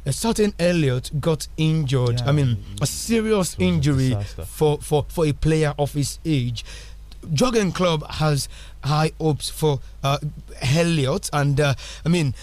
a certain Elliot got injured. Yeah, I mean, a serious injury a for, for, for a player of his age. Jogging Club has high hopes for uh, Elliot. And uh, I mean,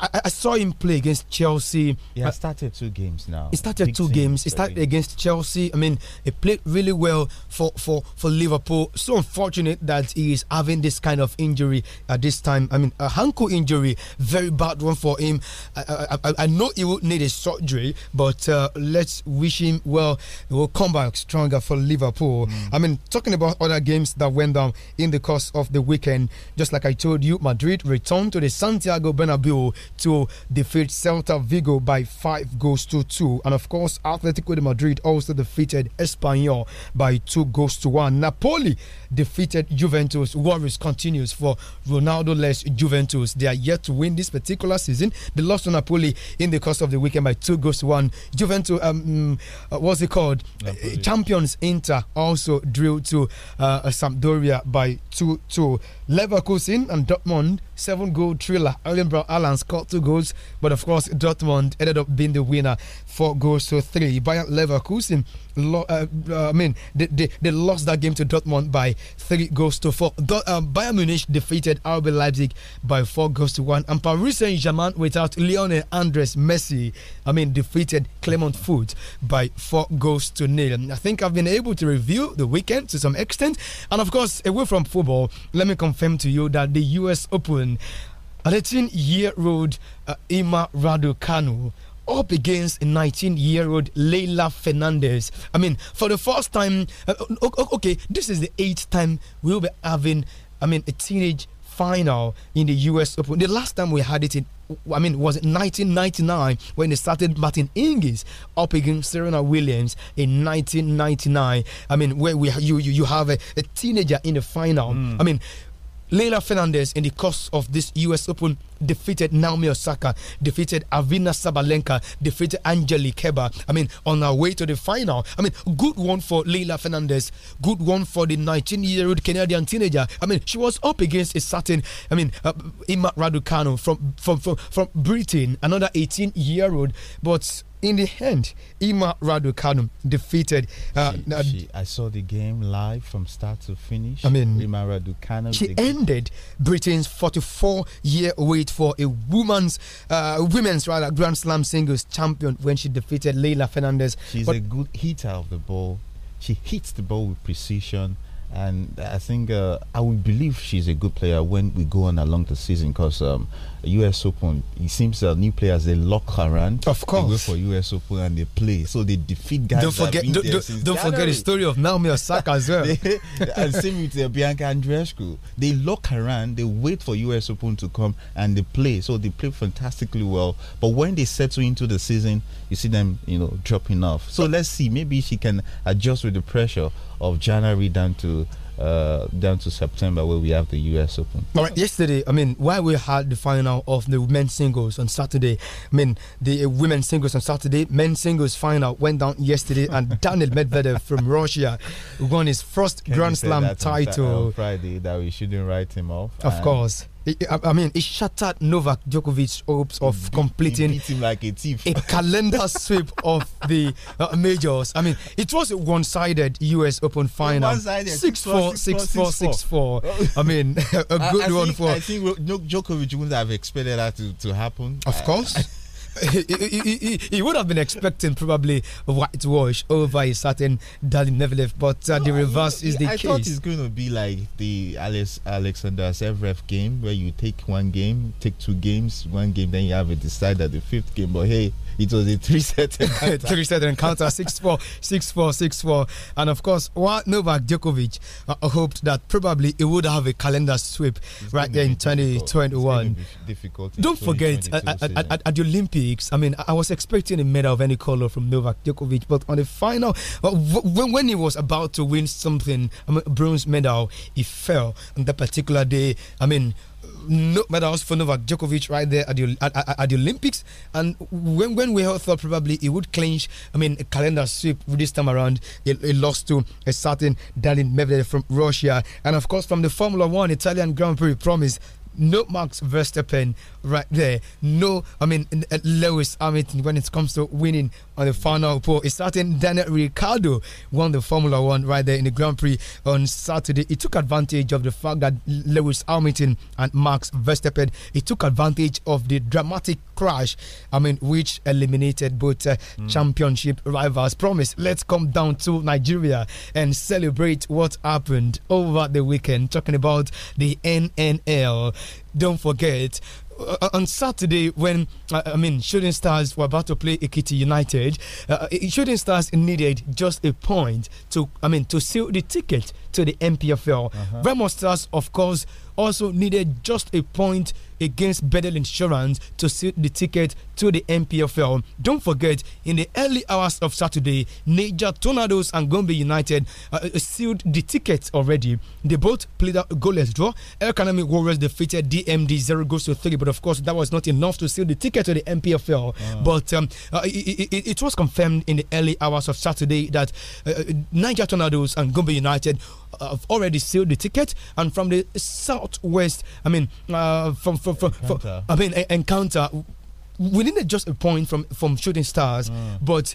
I, I, saw him play against Chelsea. Yeah, uh, started two games now. He started Big two games. He started against Chelsea. I mean, he played really well for, for, for Liverpool. So unfortunate that he is having this kind of injury at this time. I mean, a ankle injury, very bad one for him. I, I, I know he will need a surgery, but uh, let's wish him well. He will come back stronger for Liverpool. Mm. I mean, talking about other games that went down in the course of the weekend. Just like I told you, Madrid returned to the Santiago Bernabeu to defeat Celta Vigo by five goals to two. And of course, Atletico de Madrid also defeated Espanyol by two goals to one. Napoli defeated Juventus. Worries continues for Ronaldo less Juventus. They are yet to win this particular season. They lost to Napoli in the course of the weekend by two goals to one. Juventus, um, uh, what's it called? Napoli. Champions Inter also drew to uh, Sampdoria by two to Leverkusen and Dortmund, seven goal thriller. Erling Brown Allen scored two goals, but of course, Dortmund ended up being the winner, four goals to three. Bayern Leverkusen, uh, uh, I mean, they, they, they, lost that game to Dortmund by three goals to four. Do um, Bayern Munich defeated RB Leipzig by four goals to one, and Paris Saint Germain without Lionel Andres Messi, I mean, defeated Clement Foot by four goals to nil. I think I've been able to review the weekend to some extent, and of course, away from football, let me confirm to you that the U.S. Open, 18 year old uh, Ima Raducanu up against 19 year old Leila Fernandez. I mean, for the first time, uh, okay, this is the eighth time we'll be having, I mean, a teenage final in the US Open. The last time we had it in, I mean, was 1999 when they started Martin Ingis up against Serena Williams in 1999. I mean, where we you you, you have a, a teenager in the final. Mm. I mean, Leila Fernandez in the course of this US Open defeated Naomi Osaka, defeated Avina Sabalenka, defeated Angelique Kerber. I mean, on our way to the final. I mean, good one for Leila Fernandez. Good one for the 19-year-old Canadian teenager. I mean, she was up against a certain, I mean, uh, Ima Raducanu from, from from from Britain, another 18-year-old, but in the end, Ima Raducanu defeated. Uh, she, she, I saw the game live from start to finish. I mean, Ima Raducanu. She ended Britain's 44-year wait for a woman's, uh, women's rather Grand Slam singles champion when she defeated Leila Fernandez. She's but, a good hitter of the ball. She hits the ball with precision. And I think uh, I will believe she's a good player when we go on along the season because um, US Open, it seems that new players they lock around. Of course, they go for US Open and they play, so they defeat guys. Don't forget, don't, don't, don't forget the story of Naomi Osaka as well. they, and same with uh, Bianca Andreescu. They lock around, they wait for US Open to come and they play, so they play fantastically well. But when they settle into the season, you see them, you know, dropping off. So let's see, maybe she can adjust with the pressure of January down to uh, down to September where we have the US Open. All right, yesterday, I mean, while we had the final of the men's singles on Saturday, I mean, the uh, women's singles on Saturday, men's singles final went down yesterday, and Daniel Medvedev from Russia won his first Can Grand Slam title. On Friday, that we shouldn't write him off. Of course. I mean, it shattered Novak Djokovic's hopes of completing like a, a, calendar sweep of the uh, majors. I mean, it was a one sided US Open final. 6 4 6 4 6 4. I mean, a good I, I one think, for. I think Djokovic wouldn't have expected that to, to happen. Of course he, he, he, would have been expecting probably whitewash over a certain Dali Nevilev, but uh, no, the reverse is the I case. I thought it's going to be like the Alex Alexander Sevrev game, where you take one game, take two games, one game, then you have a decide at the fifth game. But hey, it was a three set three set encounter, Six four, six four, six four, And of course, Novak Djokovic uh, hoped that probably he would have a calendar sweep it's right there in 2021. difficult. Don't forget, at, uh, uh, uh, at, at, the Olympics, I mean, I was expecting a medal of any color from Novak Djokovic, but on the final, when, when he was about to win something, I mean, bronze medal, he fell on that particular day. I mean, no medals for Novak Djokovic right there at the at, at, the Olympics. And when when we all thought probably he would clinch, I mean, a calendar sweep this time around, he lost to a certain Daniil Medvedev from Russia, and of course from the Formula One Italian Grand Prix promise no Max Verstappen right there. No, I mean, uh, Lewis Hamilton when it comes to winning on the final pole. It's certain Daniel Ricciardo won the Formula One right there in the Grand Prix on Saturday. He took advantage of the fact that Lewis Hamilton and Max Verstappen, he took advantage of the dramatic crash, I mean, which eliminated both uh, mm. championship rivals. Promise, let's come down to Nigeria and celebrate what happened over the weekend. Talking about the NNL. Don't forget, uh, on Saturday when uh, I mean Shooting Stars were about to play Ikiti United, uh, uh, Shooting Stars needed just a point to I mean to seal the ticket to the MPFL. Uh -huh. Remo Stars, of course also needed just a point against Bedell Insurance to seal the ticket to the MPFL. Don't forget, in the early hours of Saturday, Niger Tornadoes and Gombe United uh, uh sealed the ticket already. They both played a goalless draw. El Warriors defeated DMD 0 goals to 3, but of course, that was not enough to seal the ticket to the MPFL. But um, uh, it, it, it, was confirmed in the early hours of Saturday that uh, uh Niger Tornadoes and Gombe United have already sealed the ticket, and from the southwest, I mean, uh, from from from, from I mean, encounter we needed just a point from from shooting stars, mm. but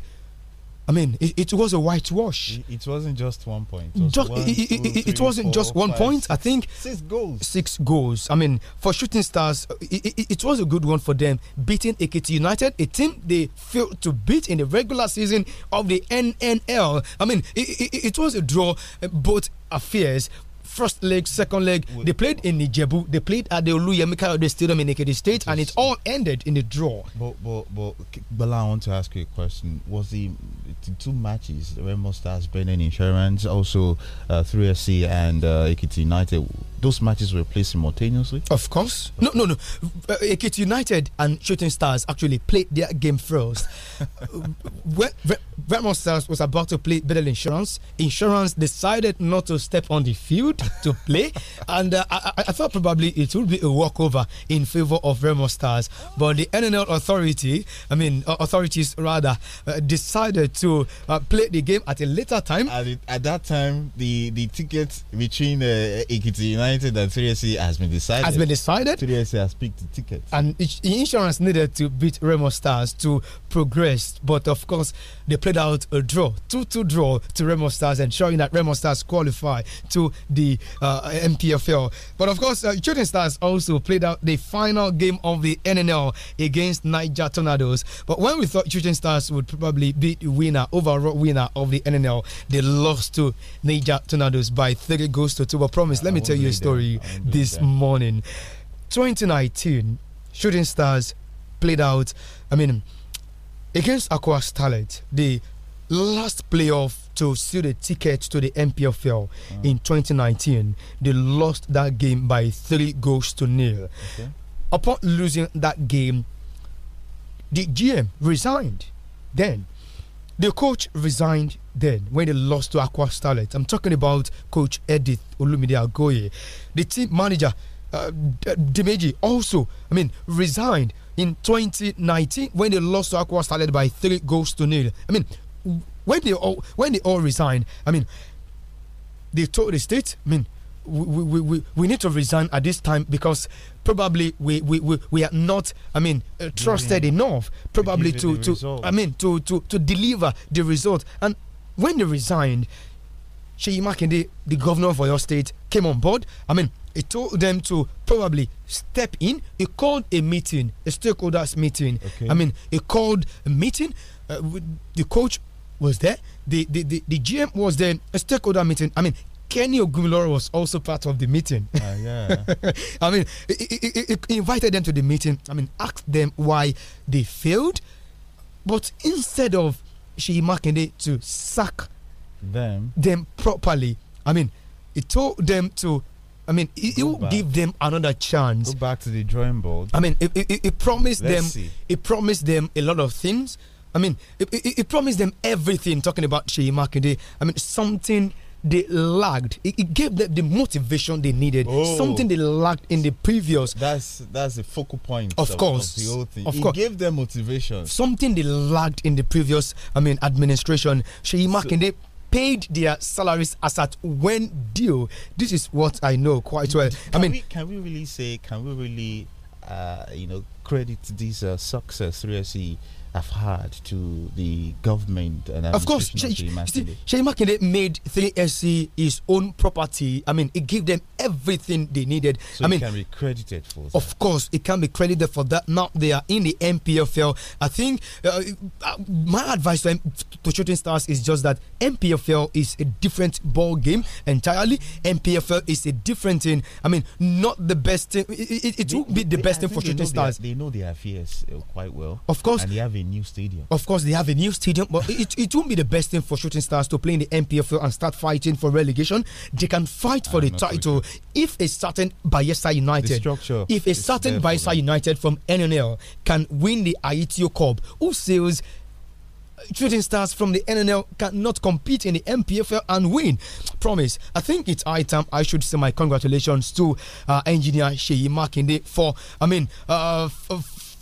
I mean, it, it was a whitewash. It, it, wasn't just one point. It, was just, one, it, two, three, wasn't four, just one point. I think six goals. Six goals. I mean, for Shooting Stars, it, was a good one for them, beating AKT United, a team they failed to beat in the regular season of the NNL. I mean, it, was a draw, both affairs first leg, second leg. They played in Nijebu. They played at the Oluyemi Kayode Stadium in Ikedi State, and it all ended in a draw. But but but Bella, I want to ask you a question. Was the, the two matches Mustard's been in Insurance, also uh, 3SC and uh, Ikiti United? those matches were played simultaneously? Of course. No, no, no. Uh, Ekiti United and Shooting Stars actually played their game first. when Vermont Stars was about to play Better Insurance, Insurance decided not to step on the field to play, and uh, I, I, thought probably it would be a walkover in favor of Vermont Stars. But the NNL authority, I mean, uh, authorities rather, uh, decided to uh, play the game at a later time. At, at that time, the, the ticket between uh, Ekiti United that 3SC has been decided. Has been decided. 3SC has picked the ticket. And insurance needed to beat Remo Stars to progress. But of course, they played out a draw, 2 2 draw to Remo Stars, ensuring that Remo Stars qualify to the uh, MPFL. But of course, uh, Children Stars also played out the final game of the NNL against Niger Tornadoes. But when we thought Children Stars would probably be the winner, overall winner of the NNL, they lost to Niger Tornadoes by 30 goals to two. But promise, let me tell you story this morning. 2019, Shooting Stars played out, I mean, against Aqua Starlet, the last playoff to seal the ticket to the MPFL oh. in 2019. They lost that game by three goals to nil. Okay. Upon losing that game, the GM resigned. Then the coach resigned then when they lost to Aqua Starlet. I'm talking about coach Edith Olumide Agoye. The team manager, uh, also, I mean, resigned in 2019 when they lost to Aqua Starlet by three goals to nil. I mean, when they all when they all resigned, I mean, they told the state, I mean, we, we, we, we need to resign at this time because probably we, we, we, we are not I mean uh, trusted yeah, enough probably to, to I mean to, to to deliver the result and when they resigned, Sheyi Makinde, the governor of Oyo State, came on board. I mean, he told them to probably step in. He called a meeting, a stakeholders meeting. Okay. I mean, he called a meeting. Uh, the coach was there. The, the the the GM was there. A stakeholder meeting. I mean, Kenny Ogumiloro was also part of the meeting. Uh, yeah. I mean, he, invited them to the meeting. I mean, asked them why they failed, but instead of she Makinde to sack them them properly. I mean, he told them to. I mean, he will give them another chance. Go back to the drawing board. I mean, he promised Let's them. See. promised them a lot of things. I mean, he promised them everything. Talking about Sheyi Makinde. I mean, something they lagged. It, it, gave them the motivation they needed, oh, something they lacked in the previous. That's that's the focal point. Of, of course, of the whole thing. Of it course, gave them motivation. Something they lacked in the previous. I mean, administration. Sheyi and they paid their salaries as at when due. This is what I know quite well. Can I mean, we, can we really say? Can we really, uh, you know, credit this uh, success, really? have to the government and of course Sheyi Makinde made 3SC his own property I mean he gave them everything they needed so I mean can be credited for that. of course it can be credited for that now they are in the MPFL I think uh, uh, my advice to, to shooting stars is just that MPFL is a different ball game entirely MPFL is a different thing I mean not the best thing it, it, it will be the they, best thing for shooting stars they, know their affairs uh, quite well of course and they have a new stadium. Of course, they have a new stadium, but it, it won't be the best thing for shooting stars to play in the MPFL and start fighting for relegation. They can fight for I'm the title sure. if a certain Bayesa United, if a certain Bayesa United from NNL can win the Aitio Cup, who says shooting stars from the NNL cannot compete in the MPFL and win. Promise. I think it's high time I should say my congratulations to uh, engineer Sheyi Makinde for, I mean, uh,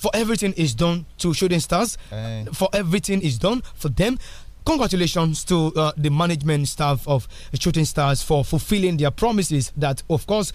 for everything is done to Shooting Stars. Hey. For everything is done for them congratulations to uh, the management staff of Shooting Stars for fulfilling their promises that, of course,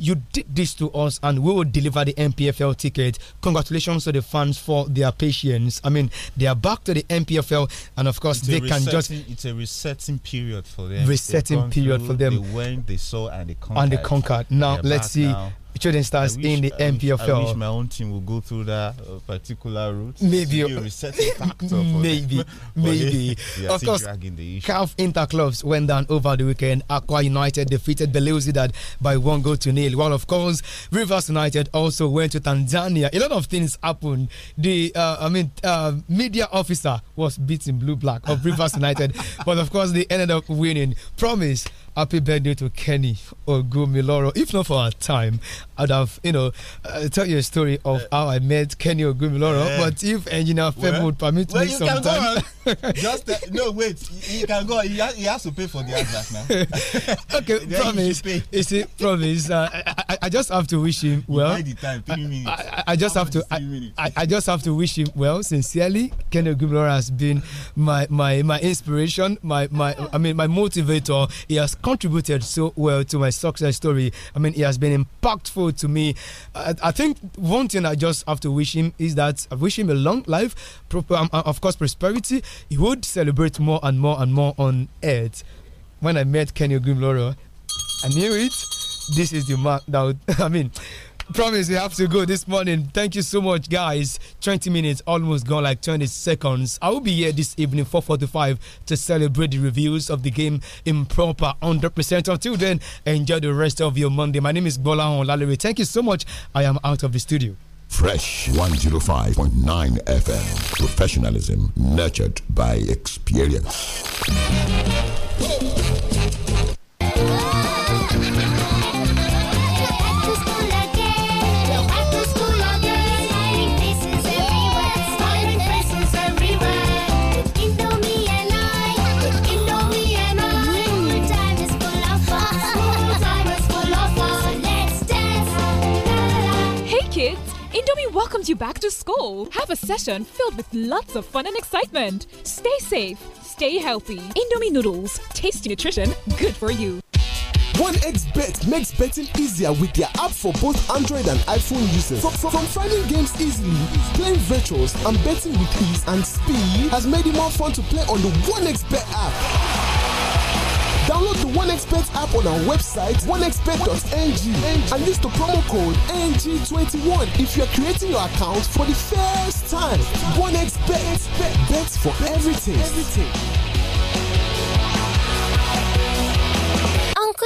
you did this to us and we will deliver the MPFL ticket. Congratulations to the fans for their patience. I mean, they are back to the MPFL and of course they can just it's a resetting period for them. Resetting period through, for them. They went, they saw and they conquered. And they conquered. Now let's see now. Children stars wish, in the MPFL. Um, I wish my own team will go through that uh, particular route. Maybe a factor. maybe, maybe. of course, CAF interclubs went down over the weekend. Aqua United defeated that by one goal to nil. While well, of course, Rivers United also went to Tanzania. A lot of things happened. The uh, I mean, uh, media officer was beating blue black of Rivers United, but of course they ended up winning. Promise Happy birthday to Kenny Ogumiloro. If not for our time, I'd have, you know, uh, tell you a story of uh, how I met Kenny Ogumiloro. but if Engineer Feb well, would permit well, me time, Just uh, no, wait. You can go. He has, he has to pay for the advert now. okay, promise. You see, promise. Uh, I, I, I, just have to wish him well. the time, three minutes. I, I just have to. I, I, just have to wish him well. Sincerely, Kenny Ogumiloro has been my my my inspiration. My my. I mean, my motivator. He has contributed so well to my success story. I mean, he has been impactful to me. I, I, think one thing I just have to wish him is that I wish him a long life, proper, um, uh, of course, prosperity. He would celebrate more and more and more on earth. When I met Kenny Grimloro, I knew it. This is the man that would, I mean. Promise you have to go this morning. Thank you so much, guys. 20 minutes almost gone, like 20 seconds. I will be here this evening, 4:45, to celebrate the reviews of the game Improper, 100%. Until then, enjoy the rest of your Monday. My name is Bola Onlalere. Thank you so much. I am out of the studio. Fresh 105.9 FM. Professionalism nurtured by experience. welcomes you back to school. Have a session filled with lots of fun and excitement. Stay safe, stay healthy. Indomie noodles, tasty nutrition, good for you. 1xBet makes betting easier with their app for both Android and iPhone users. From, from, from, finding games easily, playing virtuals, and betting with ease and speed has made it more fun to play on the 1xBet app. Download the OneXpert app on our website, onexpert.ng, and use the promo code NG21 if you are creating your account for the first time. OneXpert, bets for everything. everything.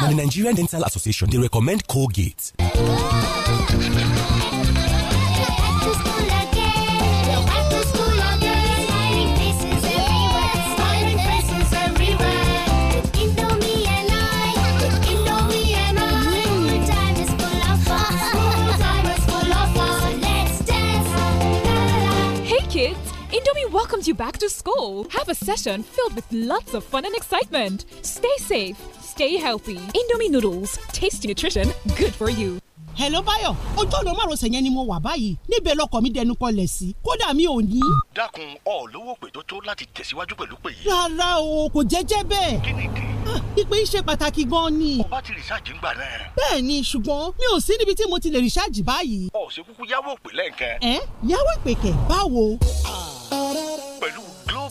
Now, the Nigerian Dental Association, they recommend Colgate. welcomes you back to school. Have a session filled with lots of fun and excitement. Stay safe Stay healthy. Indomie noodles, tasty nutrition, good for you. hello báyọ̀ ojú ọ̀nà márosẹ̀ yẹn ni mo wà báyìí níbẹ̀ lọkọ̀ mi dẹnu kọlẹ̀ sí kódà mi ò ní. dákun ọ lówó pé tó tó láti tẹ̀síwájú pẹ̀lú pé yìí. rárá o kò jẹ́jẹ́ bẹ́ẹ̀. kí ni ìdí. Ah, ìpè iṣẹ́ pàtàkì gan ni. o bá ti rìsáàjì ń gbà náà. bẹ́ẹ̀ ṣùgbọ́n mi ò sí níbi tí mo ti lè rìsáàjì báyìí. ọ ṣe kúkú yáwó ìpè lẹ́ǹkan. ẹ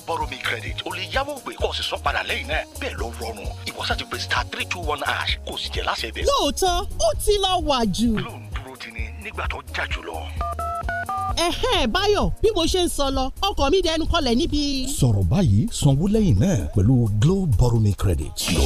borrow me credit o lè yáwó gbé kó sì san padà lẹ́yìn náà bẹ́ẹ̀ ló rọrùn ìwọ sá ti pè star three two one ash kó sì jẹ́ láṣẹ̀dẹ̀. lóòótọ́ ó ti la wà jù. glo dúró ti ni nígbà tó jà jùlọ ẹ̀hẹ́n báyọ̀ bí mo ṣe ń sọ lọ ọkọ̀ mi dẹnu kọlẹ̀ níbi. sọ̀rọ̀ báyìí sanwó lẹ́yìn náà pẹ̀lú Glo Borrow Credit. Glo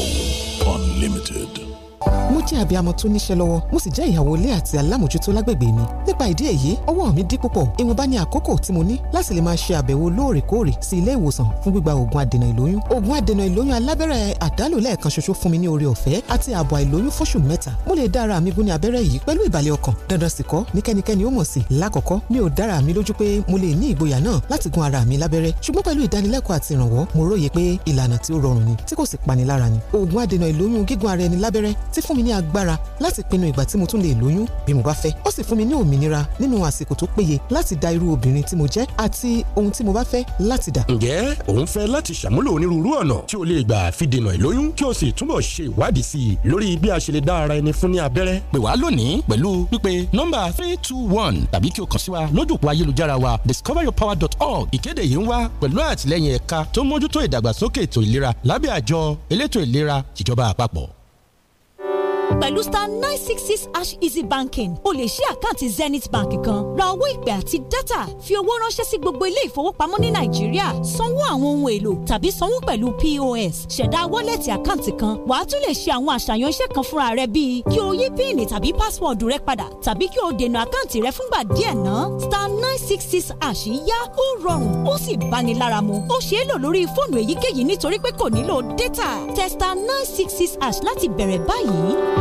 Unlimited mo jẹ́ abiyamọ tó níṣẹ́ lọ́wọ́ mo sì jẹ́ ìyàwó ilé àti alámòjútó lágbègbè mi nípa ìdí èyí ọwọ́ mi dí púpọ̀ ìwọ̀nba ní àkókò tí mo ní láti lè máa ṣe àbẹ̀wò lóòrèkóòrè sí ilé ìwòsàn fún gbígba oògùn adènà ìlóyún oògùn adènà ìlóyún alábẹ́rẹ́ àdálò lẹ́ẹ̀kan ṣoṣo fún mi ní oore ọ̀fẹ́ àti ààbò àìlóyún fóṣù mẹ́ta mo lè dára mi gún ní abẹ́rẹ́ yìí pẹ̀lú ìbàlẹ̀ ọkàn dandan sì kọ́ ní kẹ́nikẹ́ni ó mọ̀ sí lákọ̀ọ́kọ́ mi ò dára mi lójú pé mo lè ní ìgboyà náà láti gún ara mi lábẹ́rẹ́ ṣùgbọ́n pẹ̀lú ìdánilẹ́kọ̀ọ́ àti ìrànwọ́ mo róye pé ìlànà tí ó rọrùn ni tí kò sì panilára ni oògùn adènà ìlóyún gígún ara ẹni lábẹ́rẹ́ tí tí fún mi ní agbára láti pinnu ìgbà tí mo tún lè lóyún bí mo bá fẹ́ ó sì fún mi ní òmìnira nínú àsìkò tó péye láti da irú obìnrin tí mo jẹ́ àti ohun tí mo bá fẹ́ láti dà. ǹjẹ́ òun fẹ́ láti ṣàmúlò onírúurú ọ̀nà tí o lè gbà fi dènà ìlóyún kí o sì túbọ̀ ṣe ìwádìí sí i lórí bí a ṣe lè dá ara ẹni fún ní abẹ́rẹ́ pè wá lónìí pẹ̀lú pípe nọ́mbà three two one tàbí kí o kàn sí wa lójú òpó ayélujára wa discoveryourpower.org ìkéde yìí ń wá pẹ̀lú àtìlẹ́yìn ẹ̀ka tó mójútó ìdàgbàsókè ètò ìlera lábẹ́ àjọ elétò ìlera tìjọba àpapọ̀ pẹ̀lú star nine six six hash easy banking o lè ṣí àkáǹtì zenith bank kan ra owó ìpè àti dátà fi owó ránṣẹ́ sí gbogbo ilé ìfowópamọ́ ní nàìjíríà sanwó àwọn ohun èlò tàbí sanwó pẹ̀lú pos ṣẹ̀dá wọ́lẹ̀tì àkáǹtì kan wàá tún lè ṣe àwọn àṣàyàn iṣẹ́ kan fúnra rẹ bíi kí o yí píìnì tàbí pásíwọ̀dù rẹ padà tàbí kí o dènà àkáǹtì rẹ fúngbà díẹ̀ ná star nine six six hash yá ó rọrùn ó sì bani lára mu ó ṣeé lò lórí fóònù èyíkéyìí nítorí pé kò nílò dátà testa nine six six hash láti bẹ̀rẹ̀ báyìí.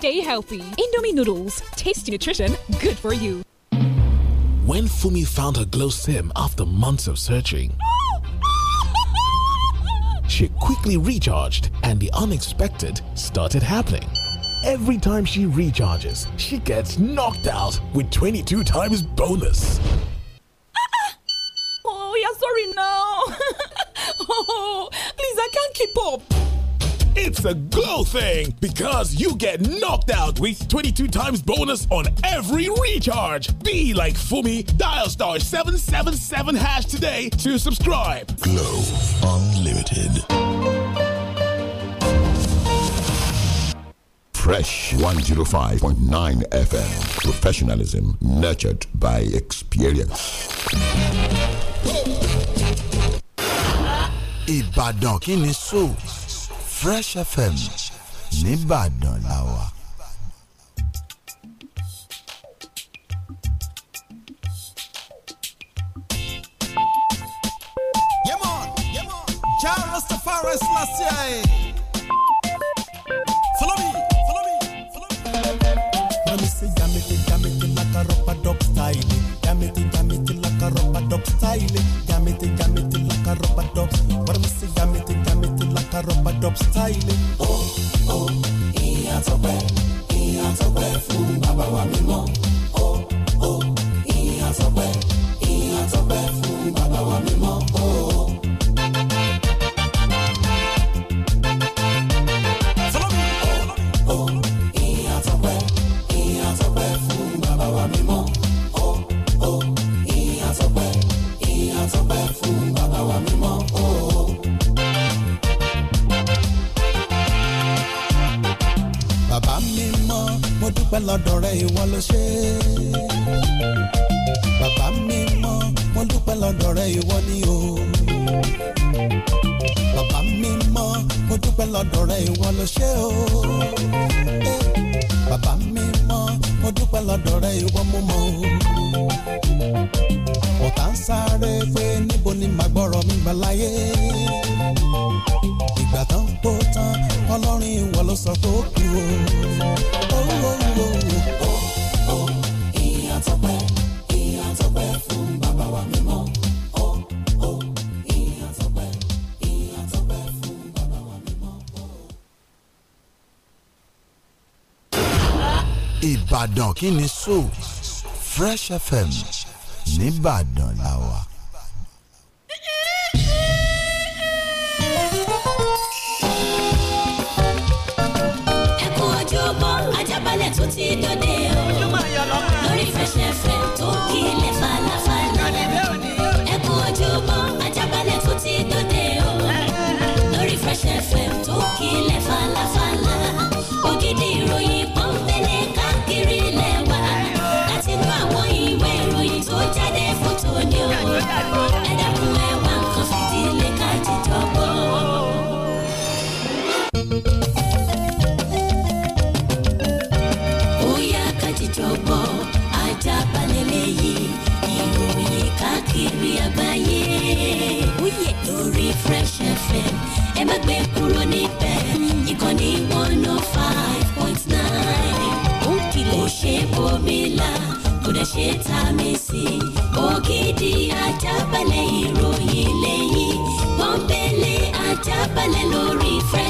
Stay healthy. Indomie noodles. Tasty nutrition. Good for you. When Fumi found her glow sim after months of searching, she quickly recharged and the unexpected started happening. Every time she recharges, she gets knocked out with 22 times bonus. oh, yeah, sorry, no. It's a glow thing because you get knocked out with 22 times bonus on every recharge. Be like Fumi, dial star 777 hash today to subscribe. Glow Unlimited. Fresh 105.9 FM. Professionalism nurtured by experience. Ibadan kini so Fresh FM nìbàdàn la wà. Rastafari Selassie. Follow me, follow me, follow me. it, it like a rubber style. it, it like a rubber style. it, it like a rubber What it, it. tààrọ̀ padà style. ó ó ìyìn àtọpẹ́ ìyìn àtọpẹ́ fún bàbá wa mímọ́ ó ó ìyìn àtọpẹ́. dúpẹ́ lọ́dọ̀ rẹ ìwọ ló ṣe é. bàbá mi mọ́ mo dúpẹ́ lọ́dọ̀ rẹ ìwọ ni o. bàbá mi mọ́ mo dúpẹ́ lọ́dọ̀ rẹ ìwọ ló ṣe o. bàbá mi mọ́ mo dúpẹ́ lọ́dọ̀ rẹ ìwọ mo mọ̀ o ọ̀tá ń sáré pé níbo ni màá gbọ́rọ̀ mi gbà láyé ìgbà tán tó tán ọlọ́rin ìwọ ló sọ tó kú o. Ìbàdàn kí ni so Fresh FM nìbàdàn làwà. A little fresh.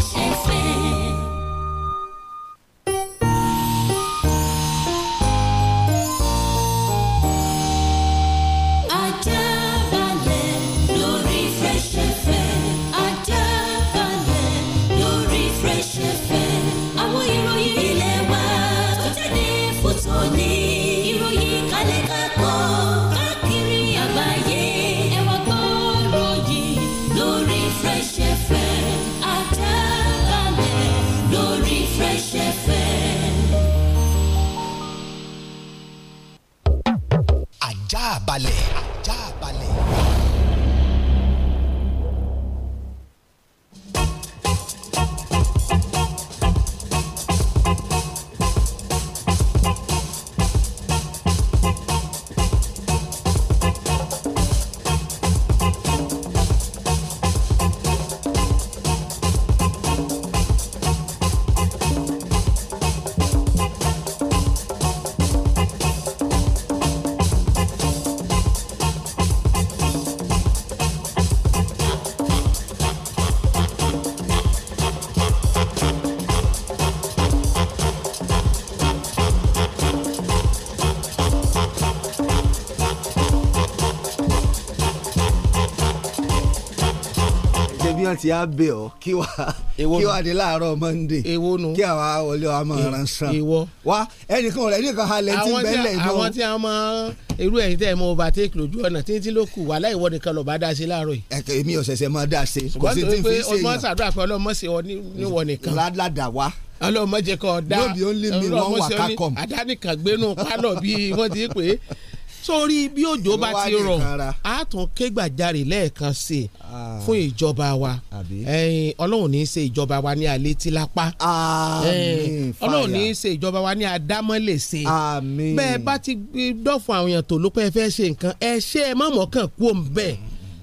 náà ti á bẹ̀ ọ́ kí wà kí wà ní láàárọ̀ Monday kí àwa wọlé wa máa ran san wa ẹnìkan rẹ ẹnìkan halẹ̀ tí bẹ́lẹ̀ náà. àwọn tí a máa irú ẹ̀yin tẹ́ ẹ mọ overtake lójú ọ̀nà títí ló kù wàhálà ìwọ nìkan lọ́ba dá sí láàárọ̀ yìí. ẹ̀kẹ́ èmi ọ̀sẹ̀sẹ̀ máa dá sí kò sí tí n fi ṣe yàn. ọmọ sàdúrà pé ọlọ́mọ sí ọ ọlọ́mọ jẹ́ kọ́ da ọlọ́mọ sí ọ ní adánìkan gbénú pálọ̀ bíi ti pè é sórí bí òjò bá ti rọ̀ á lẹ́ẹ̀kan sí i fún ìjọba wa ọlọ́run ní í ṣe ìjọba wa ní alé tí lápá ọlọ́run ní í ṣe ìjọba wa ní adámọ́lẹ̀ṣe bẹ́ẹ̀ bá ti dọ́fun àwọn èèyàn tó ló pẹ́ fẹ́ ṣe nǹkan ẹ ṣe é mọ̀mọ́ kàn kú òun bẹ́ẹ̀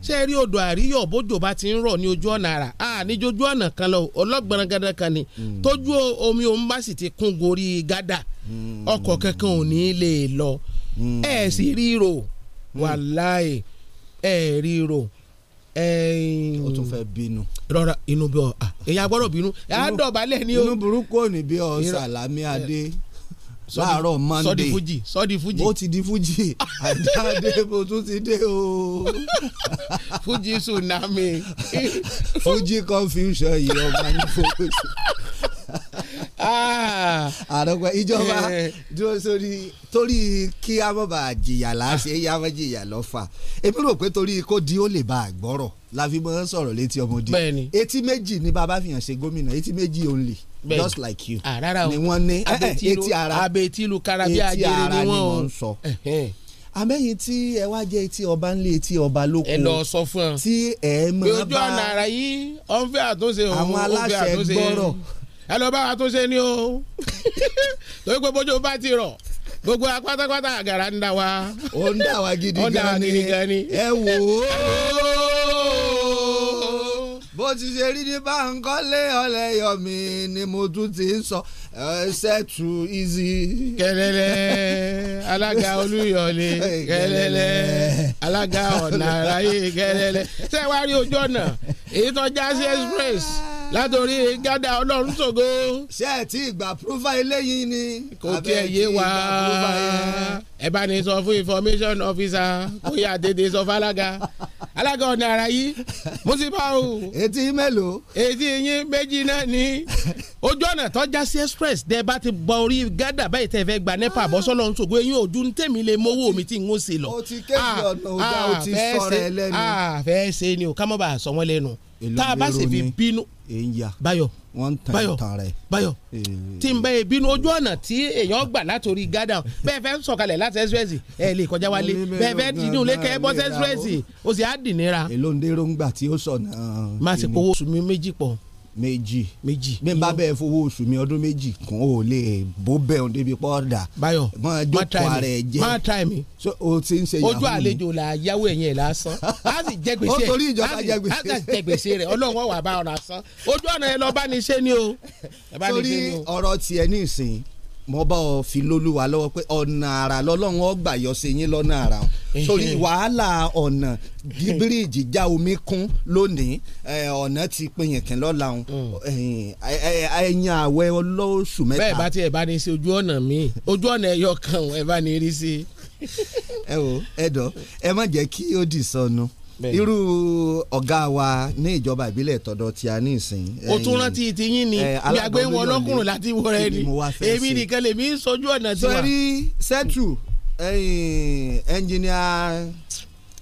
ṣé rí odò àríyọ̀ bójò bá ti ń rọ̀ ní ojú ọ̀nà àrà ní ojú ọ̀nà kan lọ ọlọ́gbọ̀n gàdá kan ni hmm. tójú omi òun bá sì ti kún gorí gàdá hmm. ọkọ̀ kankan ò ní lè lọ hmm. ẹ sì ríro wàláì ẹ ríro ó tún fẹ́ bínú. rọra inú bí ọ èyàn gbọ́dọ̀ bínú yàrá dọ̀bálẹ̀ ni o. inú burúkú ò bí ọ sàlámì adé láàárọ̀ monday sọ́ọ̀dì fuji sọ́ọ̀dì fuji ó ti di fuji àdáde mo tún ti dé o. fuji tsunami. fuji confusion yìí ọba ní fowó Ah. àròpọ̀ ìjọba eh. dúró sórí torí kí a mọ̀ bá jìyà láṣẹ yá mọ̀ jìyà lọ́fà èmi rò pé torí kó di ó lè bá gbọ́rọ̀ la fi mọ̀ sọ̀rọ̀ létí ọmọdé etí méjì ni bàbá fi hàn ṣe gómìnà etí méjì only Bẹ́ẹ̀ni. just like you ah, ni wọ́n ní eh, etí ara etí ara ni wọ́n ń sọ amẹ́yìn tí ẹ wá jẹ́ etí ọba ńlẹ̀ etí ọba lóko ẹ lọ sọ fún ọ tí ẹ máa bá ojú ọ̀nà ara yìí ọ̀nfẹ́ àtúnṣe òun ọ̀nfẹ́ àtúnṣe àwọn aláṣẹ gbọ́rọ̀ ẹ lọ bá wa tó ṣe ni o torí pé bójú bá ti rọ̀ gbogbo apátápátá àgàrà ń dà wá. ó ń dà wá gidi gan ni ẹ wò ó bó ti ṣe rí ní Bánkọ́lé Ọláyọmí ni mo tún ti ń sọ ẹsẹ̀ tù ìzì. kẹlẹlẹ alága Olúyọ̀lé kẹlẹlẹ alága ọ̀nà àráyé kẹlẹlẹ ṣé wàá rí ojú ọ̀nà èyí tó já express látòrí gádà ọlọ́run ṣògo. ṣé ẹ ti gbà púrúfà eléyìí ni. kò tiẹ̀ yé wa ẹ bá ní sọ fún information officer kó yà dédé sọ fálága alága ọ̀nà ara yìí mùsíbà o. etí mélòó. etí yín méjì náà ni ojú ọ̀nà tó já sí express dẹ́ bá ti bọ orí gádà báyìí tẹ̀ fẹ́ gba nepa àbọ̀sọ́lọ́ ah. ń sògbó eyín ojú ń tẹ̀mí lè mọ́wọ́ mi tí n ó ṣe lọ. o ti kéde ah, ọ̀nà ọ̀gá o ah, ti sọ̀rọ̀ ẹ lẹ́nu. àfẹ́ ṣe ni o ká mọ́ bá a sọ wọ́n lẹ́nu tá a bá sì fi bínú báyọ̀ báyọ̀ báyọ̀ tí n bá yẹ bínú ojú ọ̀nà tí èèyàn gbà látòrí gádà bẹ́ẹ̀ fẹ́ sọ̀kalẹ̀ láti express ẹ̀ lè kọjá wálé bẹ́ẹ̀ fẹ́ dìínú lékẹ́ bọ́sẹ̀ express ó sì á dì nira. èlò ń dérò ń tí ó sọ̀nà. má sì kówó oṣù mi méjì pọ̀ méjì méjì bí n bá bẹ́ẹ̀ fowó oṣù mi ọdún méjì kún ó lè bó bẹ́ẹ̀ ọ̀hún débi pọ́ọ̀dà Báyọ̀ mọ jókòó ara jẹ́ má tà mí so o ti ń ṣe yahoo ojú àlejò la yáwó ẹ̀yìn ẹ̀ lásán a sì jẹ gbèsè rẹ̀ o torí ìjọba jẹ gbèsè rẹ̀ a sì jẹ gbèsè rẹ̀ ọlọ́run wà bá ọ̀rọ̀ àsán ojú ọ̀nà ẹ̀ lọ bá ní ṣe ni o. torí ọ̀rọ̀ tiẹ̀ ní ìsìn mo bá ọ fi lólúwa lọ́wọ́ pé ọ̀nà àrà lọ́lọ́run ó gbà yọ sí yín lọ́nà àrà torí wàhálà ọ̀nà bíríìjì já omi kún lónìí ọ̀nà ti pinyìnkín lọ́la òun mm. ẹ̀yìn àwẹ̀ olóṣù mẹ́ta. bẹ́ẹ̀ bá tiẹ̀ bá ní sí ojú ọ̀nà mi ojú ọ̀nà ẹ̀yọ kan ẹ̀ bá ní rí sí. ẹ wo ẹ dọ̀ ẹ má jẹ́ kí ó dì sọnù irú ọ̀gá wa ní ìjọba ìbílẹ̀ tọ̀dọ̀ tí a ní ìsìn. o tún rántí ti yín ni bí agbé wọn lọ́kùnrin láti wọ rẹ ni èmi nìkan lèmi ń sojú ọ̀nà tiwa. sẹ́rí sẹ́tù ẹnjìníà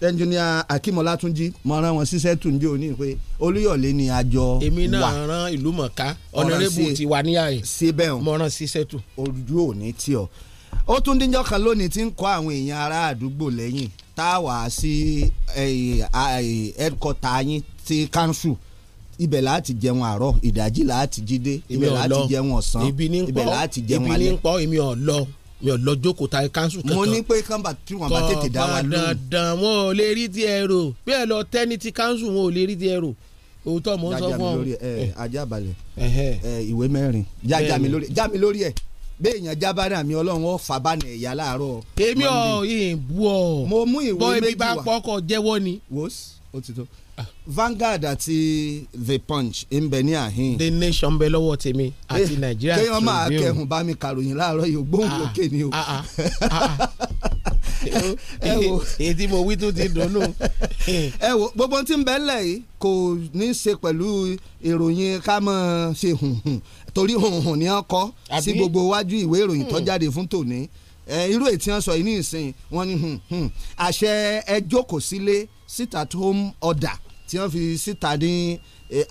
ẹnjìníà akimọlátúnjí mo rán wọn síṣẹ́ tù ń jẹ́ òní pé olúyọ̀lé ni àjọ wa èmi náà rán ìlú mọ̀ká ọ̀nàrẹ́bù ti wà níyàá síbẹ̀ mo rán síṣẹ́ tù. ojú òní tí ọ ó tún díjọ́ kan lónìí tí ń kọ́ àwọn èèyàn ará àdúgbò lẹ́yìn tá a wà sí headquarter yín ti council ibẹ̀ láti jẹun àárọ̀ ìdájí láti jíde ibẹ̀ láti jẹun ọ̀sán ibẹ̀ láti jẹun alẹ́. ibi ní pọ́ èmi ò lọ mi ò lọ jókòó ta kánṣu kankan. mo ní pé kánbà tí wọn bá tètè dá wa lóhùn. dandan wọn ò lè rí ti ẹ̀rọ bí ẹ lọ tẹ́ni ti kánṣu wọn ò lè rí ti ẹ̀rọ òótọ́ mò ń sọ fún ọ. ajá mi lórí ẹ eh. ajá balẹ̀ ìwé mẹ́rin já mi lórí ẹ béèyàn jábánà mi ọlọ́run ó fà bánà ẹ̀yà láàárọ̀. èmi ò ìbú ọ mo mú ìwé méjì wá bọ́ ibi bá pọ́kọ̀ jẹ́wọ́ ni. wos ó ti tó ah. Vanguard àti The Punch ń bẹ ní àhín. The Nation ń bẹ lọ́wọ́ tèmi àti eh, Nigeria. Tribune. kéèyàn máa kẹhùn bá mi kàròyìn láàárọ̀ yìí gbóhùn ah, ni o. Ah, ẹ wo èyí tí mo wí tó ti dùnnú. ẹ wo gbogbo tí ń bẹ lẹ̀ yìí kò ní í ṣe pẹ̀lú ìròyìn ká máa ṣe hùn hùn torí òhun ni wọ́n kọ́ sí gbogbo iwájú ìwé ìròyìn tó hmm. jáde fún tòní irú ètí wọ́n sọ yìí ní ìsìn wọ́n ní hmm, hmm, àṣẹ ẹ jókòó sílé sit at home order tí wọ́n fi síta ní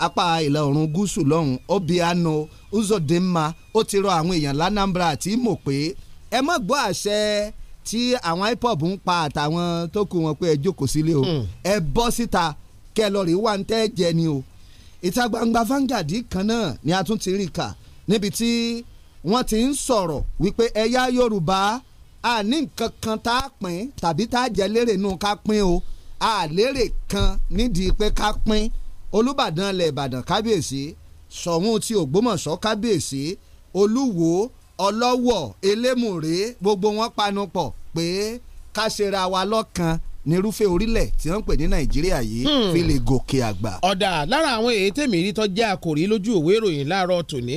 apá ìlà oòrùn gúúsù lọ́hùn Obiano Uzodinma ó ti rọ àwọn èèyàn l'Anambra àti Imo pé ẹ má gbọ́ àṣẹ tí àwọn IPOB ń pa àtàwọn tó kù wọn pé ẹ jókòó sílé o ẹ bọ́ síta kẹ wà ń tẹ́ jẹ ni o ìta gbangba Vanguard kan náà ni a tún ti rí kà níbi tí wọ́n ti ń sọ̀rọ̀ wípé ẹ̀yà Yorùbá a ní nǹkan kan tá a pín tàbí tá a jẹ lérè nù ká pín o a lérè kan nídìí pé ká pín Olúbàdàn ilẹ̀ Ìbàdàn kábíyèsí Ṣọ̀ún ti Ògbómọ̀ṣọ́ kábíyèsí Olúwo Ọlọ́wọ̀ Elémùrè gbogbo wọn panupọ̀ pé ká ṣera wa lọ́kan nírúfẹ́ orílẹ̀ tí wọ́n ń pè ní nàìjíríà yìí hmm. fi lè gòkè àgbà. ọ̀dà lára àwọn èyí tèmi rí tọ́jà àkòrí lójú òwe ìròyìn láàárọ̀ tòní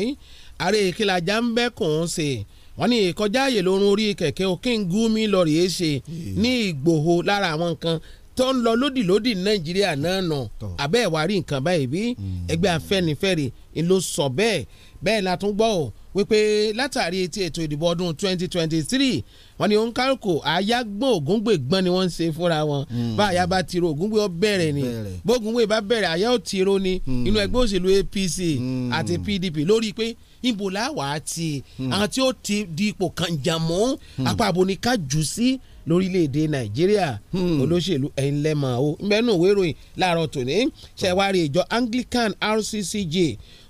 ààrẹ ìkìlàjà ń bẹ́ kùn ún sí i wọ́n ní ìkọjá àyè lórun orí kẹ̀kẹ́ okíngúnmi lọ́ọ̀rì ẹ̀ ṣe hmm. ní ìgbòho lára àwọn nǹkan tó ń lọ lódìlódì nàìjíríà náà nà àbẹ́ ìwárí nǹkan báyìí bí hmm. ẹgbẹ́ afẹ́nifẹ́re ló sọ bẹ́ẹ̀ bẹ́ẹ̀ la tún gbọ́ wípé látàrí ti ètò ìdìbò ọdún 2023 wọ́n ní òun kárùkù àyágbọ́n ògúngbè gbọ́n ni wọ́n ń ṣe fúnra wọn hmm. bá àyà bá ògúngbè ó bẹ̀rẹ̀ ni bógúngbè bá bẹ̀rẹ̀ àyà ó tiro ni hmm. inú ẹgbẹ́ òṣèlú APC hmm. àti PDP lórí pé ìbò làwà á ti àwọn tí ó ti di ipò kànjàmọ́ àpàbò ni ká jù sí lórílẹ̀‐èdè nàìjíríà hmm. olóṣèlú ẹ̀yin lẹ́mọ̀ o mẹ́nu ìwé ìròyìn láàárọ̀ tòní ṣẹ̀wárí ìjọ anglican rccg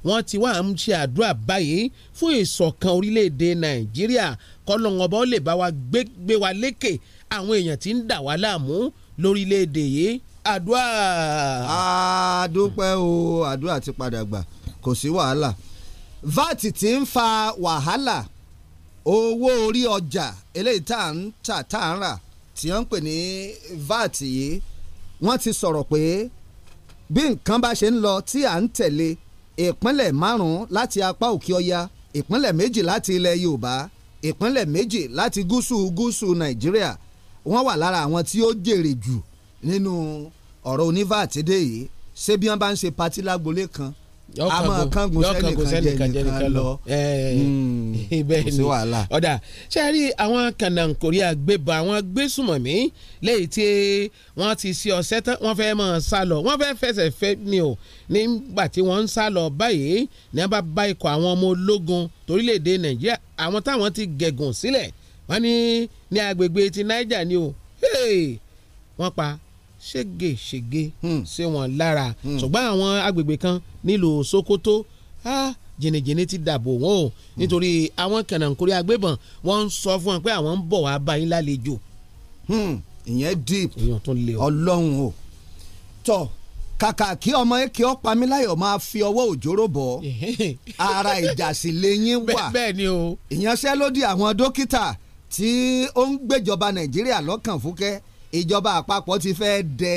wọ́n ti wá ń ṣe àdúrà báyìí fún ìṣọ̀kan orílẹ̀‐èdè nàìjíríà kọ́lọ́ngọ̀bọ lè bá wa gbé wa lékè àwọn èèyàn tí ń dà wá láàmú lórílẹ̀‐èdè yìí àdúrà. àdúpẹ́ o àdúrà ti padà gbà kò sí wàhálà vat ti ń fa wàhálà owó orí ọjà eléyìí tá à ń tà tá à ń rà tí wọ́n ń pè ní VAT yìí wọ́n ti sọ̀rọ̀ pé bí nǹkan bá ṣe ń lọ tí à ń tẹ̀lé ìpínlẹ̀ márùn-ún láti apá òkè ọya ìpínlẹ̀ méjì láti ilẹ̀ Yorùbá ìpínlẹ̀ méjì láti gúúsù gúúsù Nàìjíríà wọ́n wà lára àwọn tí ó jèrè jù nínú ọ̀rọ̀ onívat dé yìí ṣé bí wọ́n bá ń ṣe patí lágbolé kan a máa kángun sẹ́nìkan jẹ́nìkan lọ hmm. bẹ́ẹ̀ ni ọ̀dà ṣe rí àwọn kànáńkórí àgbébọ̀ àwọn gbésùmọ̀mí lẹ́yìn tí wọ́n ti ṣe ọ̀sẹ̀ tán wọ́n fẹ́ máa sá lọ wọ́n fẹ́ fẹsẹ̀ fẹ́ ni o nígbà tí wọ́n ń sá lọ báyìí ní wọ́n bá bá ikọ̀ àwọn ọmọ ológun torílẹ̀‐èdè nàìjíríà àwọn táwọn ti gẹ̀gùn sílẹ̀ wọ́n ní ní agbègbè ti niger ni o wọ́n pa ṣégeṣége hmm. sí wọn lára hmm. ṣùgbọ́n àwọn agbègbè kan nílùú Sokoto jìnnìjìnnì ti dàbò wọn o hmm. nítorí àwọn kànáńkórí agbébọn wọn ń sọ fún wọn pé àwọn ń bọ̀ wá bá lálejò. ìyẹn deep ọlọ́run o tọ́ kàkà kí ọmọ èkì ọpamiláyọ̀ máa fi ọwọ́ òjòrò bọ̀ ara ìjà sì lẹ́yìn wà ìyanṣẹ́lódì àwọn dókítà tí ó ń gbèjọba nàìjíríà lọ́kàn fúkẹ́ ìjọba àpapọ̀ ti fẹ́ dẹ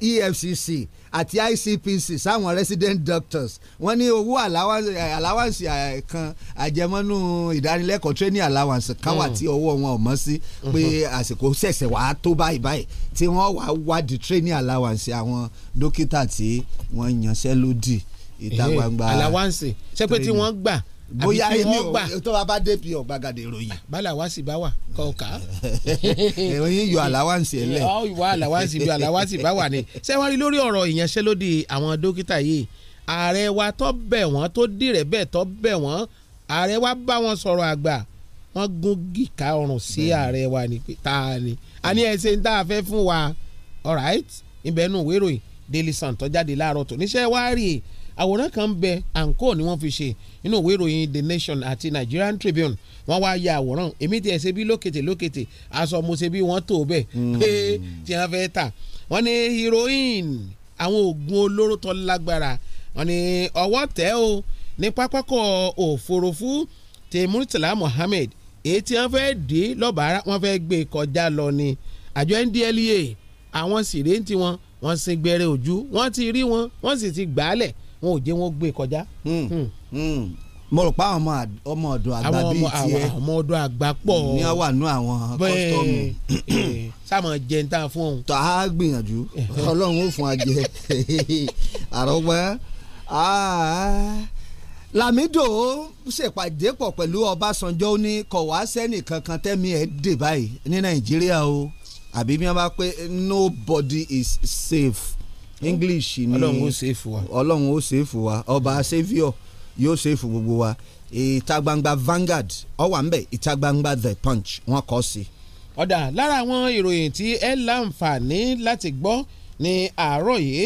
EFCC eh, e àti ICPC sáwọn resident doctors wọ́n ní owó allowance eh, eh, kan àjẹmọ́nú ìdánilẹ́kọ̀ọ́ training allowance kan wà hmm. tí ọwọ́ wọn ò mọ́ sí pé hmm. àsìkò ṣẹ̀ṣẹ̀ wàá tó báyìí báyìí tí wọ́n wàá wádìí training allowance àwọn dókítà tí wọ́n yanṣẹ́ lódì ìta gbangba allowance ṣé pé tí wọ́n gbà bóyá èmi ò tó bá dé bí ọ̀gbagadè ìròyìn. bala wa sì bá wà kọ ká. ìròyìn yọ àláwáǹsì ẹlẹ. ọ ìwà àláwáǹsì bí àláwáǹsì bá wà ni. sẹ́wárí lórí ọ̀rọ̀ ìyanṣẹ́lódì àwọn dókítà yìí ààrẹ wa tó bẹ̀ wọ́n tó dìrẹ̀ bẹ̀ tó bẹ̀ wọ́n ààrẹ wa bá wọn sọ̀rọ̀ àgbà wọ́n gún gìkà ọrùn sí ààrẹ wa ni ta ni. a ní ẹsẹ̀ ń tá a fẹ́ fún wa all right ìbẹ̀nu ìwé ìròyìn Daily Sun tó jáde láàárọ̀ tó wá rí àwòrán kan bẹ àǹkó ni wọ́n fi ṣe nínú ìwé ìròyìn The Nation àti Nigerian Tribune wọ́n wá ya àwòrán èmi tiẹ̀ ṣe bí lókètè lókètè aṣọ mo ṣe bí wọ́n tó bẹ́ẹ̀ pé hmm. tí wọ́n fẹ́ tà wọ́n ní heroin àwọn oògùn olóró tó lágbára wọ́n ní ọwọ́ tẹ̀ o ní pápákọ̀ òfurufú ti Murtala Mohammed èyí tí wọ́n fẹ́ dé lọ́bàárà wọ́n fẹ́ gbé e kọjá lọ ni àjọ NDLEA àwọn sìrèǹtì wọn wọ́n sin gbẹrẹ ojú wọ́n ti rí wọn wọ́n sì ti gbàálẹ̀ wọn ò jẹ́ wọn gbé kọjá. Hmm. Hmm. Hmm. mo rò pa ọmọ ọmọ ọ̀dọ̀ àgbà bíi tiẹ̀ àwọn ọmọ ọ̀dọ̀ àgbà pọ̀ ní wà nú àwọn kọ́sítọ́ọ̀mù. sáàmù jẹ n ta fún òun. tá a gbìyànjú ọlọ́run ó fún ajẹ àrọ́gbá Lamido ṣèpàdé pọ̀ pẹ̀lú Ọbásanjọ́ ó ní kò wá sẹ́nì kankan tẹ́mi ẹ̀ dè báyìí ní Nàìjíríà o àbí bí wọ́n bá pé nobody is safe english ni ọlọ́run ó ṣèfù wa ọlọ́run ó ṣèfù wa ọba saviour yóò ṣèfù gbogbo wa ìta gbangba Vanguard ọwà ń bẹ ìta gbangba The Punch wọ́n kọ sí. ọ̀dà lára àwọn ìròyìn tí ẹ láǹfààní láti gbọ́ ní àárọ̀ yìí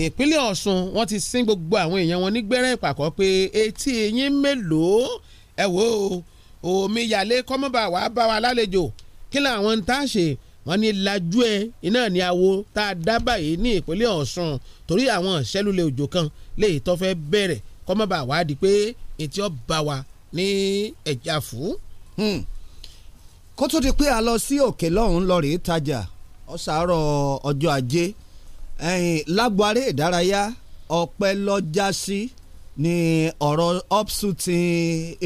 ìpínlẹ̀ Ọ̀ṣun wọ́n ti sin gbogbo àwọn èèyàn wọn ní ìpàkọ́ pé etí eyín mélòó ẹ wò ó omi yàlé kọ́mọ́bà wàá bá wa lálejò kí làwọn ń tá a ṣe wọ́n ní lajú ẹ iná ní awo tá a dá báyìí ní ìpínlẹ̀ Ọ̀ṣun torí àwọn ìṣẹ́lulẹ̀ òjò kan lè tọ́ fẹ́ bẹ̀rẹ̀ kọ́mọ́bà wádìí pé ètí ọ̀ bá wa ní ẹ̀já fún. Hmm. kó tó di pé a lọ sí òkè lọ́hún lọ rèé tajà ọ̀sàárọ̀ ọjọ́ ajé lágbo aré ìdárayá ọpẹ́ lọ́jà sí ní ọ̀rọ̀ upsutin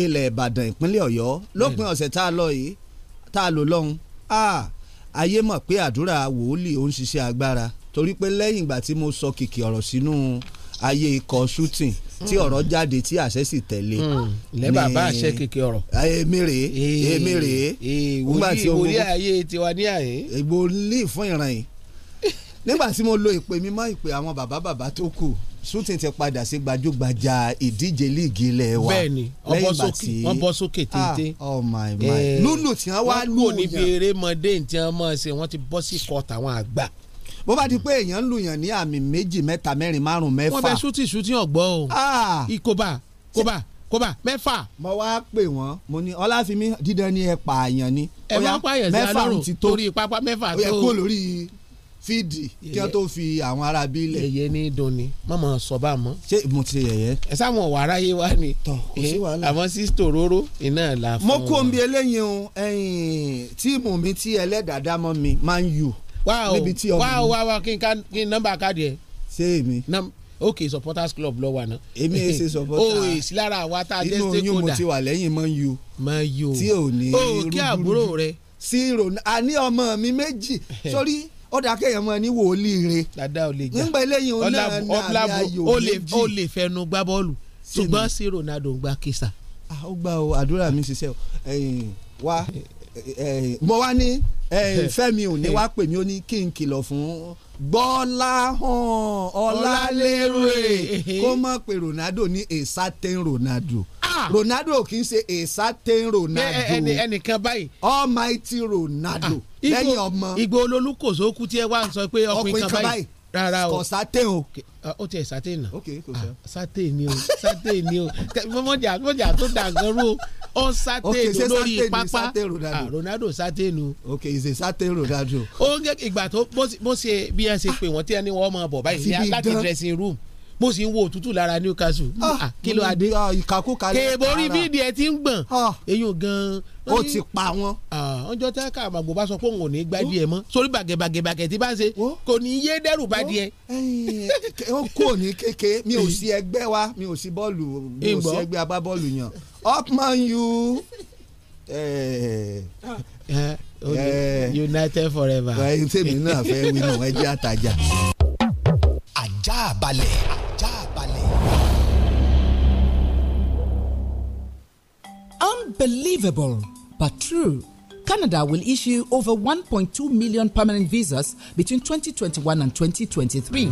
ilẹ̀ Ìbàdàn ìpínlẹ̀ Ọ̀yọ́ lópin ọ̀sẹ̀ tá a lọ yìí tá a lò lọ́hún ah, ayé mọ̀ pé àdúrà wòlíì ó ń ṣiṣẹ́ agbára torí pé lẹ́yìn ìgbà tí mo sọ kìkì ọ̀rọ̀ sínú ayé ikọ̀ shooting tí mm. ọ̀rọ̀ jáde tí àṣẹ sì tẹ̀lé. ilẹ̀ mm. bàbá àṣẹ kìkì ọ̀rọ̀. èmi rèé èmi rèé. wòlíì wòlíì ayé tiwa ní àyè. wòlíì fún ìran yìí nígbà tí mo lo ìpè mímọ́ ìpè àwọn bàbá bàbá tó kù shooting ti padà sí gbajúgbajà ìdíje líìgì ilé wa bẹ́ẹ̀ni wọ́n sókè ah, téńté oh my my eh, lulu tí wọ́n wá lù yàn wọ́n kúrò níbi eré mọ́dé tí wọ́n mọ̀ ṣe wọ́n ti bọ́ sí kọ́ọ̀tù àwọn àgbà bó bá di pé èèyàn ń lùyàn ní àmì méjì mẹ́ta mẹ́rin márùn mẹ́fà. wọ́n bẹ ṣútì ṣútì ọ̀gbọ́ o. ìkóbá kóbá kóbá mẹ́fà. mo wá pè wọ́n mo ní ọláfínmi dídán ní ẹ pààyàn ni. ẹ máa pààyàn sí alárò torí pápá mẹ́fà tó. ó yẹ kó lórí fídì kí wọ́n tó fi àwọn ará bí lẹ̀. yẹyẹ ní dunni mọ̀mọ́ sọ́ba mọ́. ṣé mo ti yẹyẹ. ẹ sáwọn ọ̀wọ́ aráyé wa ni. tọ kò sí eh, wàhálà. àmọ́ sí tòróró iná là fún. mo kó omi eléyìí o tíìmù mi tí ẹlẹ́dàá mọ́ mi Man U. wáá wáá wáá kí n nọ́mbà káàdì ẹ. ṣé èmi. ok supporters club lọ wà náà. èmi ẹ ṣe eh, supporters. o oh, èsì lára àwa tá a jẹ́ stakeholder. inú oyún mo ti wà lẹ́yìn Man U. Man U. tí ò ní rúdurú. Oh, o kí àbúrò rẹ. sí ní ọ̀dà kéèyàn mọ̀ ní wòlíì re. dada ò lè jà nígbà eléyìí òun náà ní àbí ayò méjì. ó lè fẹnu gbá bọ́ọ̀lù ṣùgbọ́n sí Ronaldo ń gba kisa. Ah, ó gbà o àdúrà mi ṣiṣẹ́ o wá mo wá ní Fẹ́mi ò ní wá pè mí ó ní kí n kìlọ̀ fún Gbọ́láhàn Ọlálérè kó mọ̀ pé Ronaldo ní a certain Ronaldo Ronaldo kì í ṣe èsàtẹ́ Ronaldo ẹnìkan báyìí Almighty Ronaldo ah, lẹ́yìn ọmọ ìgbò olólùkòsó kú tí ẹ wá ń sọ pé ọkùnrin kan báyìí rárá o kò sátẹ̀n o. ó tiẹ̀ sátẹ̀n náà ok kò sọ. Ah, sátẹ̀n ni o sátẹ̀n ni o mọ̀jà mọ̀jà tó dà gan-an o ó sátẹ̀n lórí pápá Ronaldo ah, sátẹ̀n o. ok ìṣe sátẹ̀n Ronaldo. ó ń gé ìgbà tó bó ṣe bí wọ́n ṣe pè wọ́n tí wọ́n máa bọ̀ báyìí láti dressing room mo sì ń wo òtútù lára Newcastle ah, ah, kí ló adé ah, kèbórí bídìí ẹ ti ń gbọ̀n eyín gan ó ti pa wọn. ọjọ́ tí ká àmàgbò bá sọ pé òun ò ní gbá díẹ̀ mọ́ sórí bàgẹ̀bàgẹ̀bàgẹ̀ tí bá ń ṣe kò ní yé dẹ́rù bá díẹ̀. ó kò ní kéke mi ò sí ẹgbẹ́ wa mi ò sí bọ́ọ̀lù mi ò sí ẹgbẹ́ abábọ́ọ̀lù yàn upman you. Eh, eh, eh. United forever. ṣé mi náà fẹ́ wí náà ẹ jẹ́ àtàjà. Unbelievable, but true. Canada will issue over 1.2 million permanent visas between 2021 and 2023.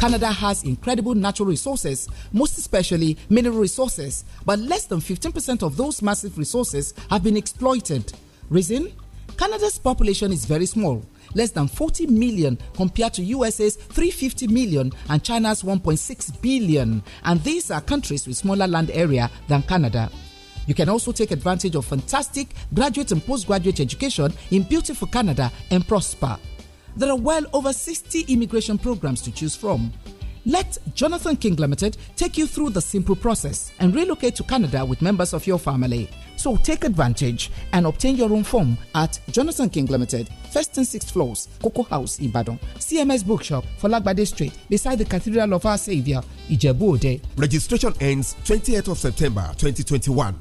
Canada has incredible natural resources, most especially mineral resources, but less than 15% of those massive resources have been exploited. Reason? Canada's population is very small, less than 40 million compared to USA's 350 million and China's 1.6 billion. And these are countries with smaller land area than Canada. You can also take advantage of fantastic graduate and postgraduate education in beautiful Canada and prosper. There are well over 60 immigration programs to choose from. Let Jonathan King Limited take you through the simple process and relocate to Canada with members of your family. So take advantage and obtain your own form at Jonathan King Limited, first and sixth floors coco house ìbàdàn cms bookshop fọlágbadé street beside the cathedral of our saviour Ijebu Ode. registration ends 28th of september 2021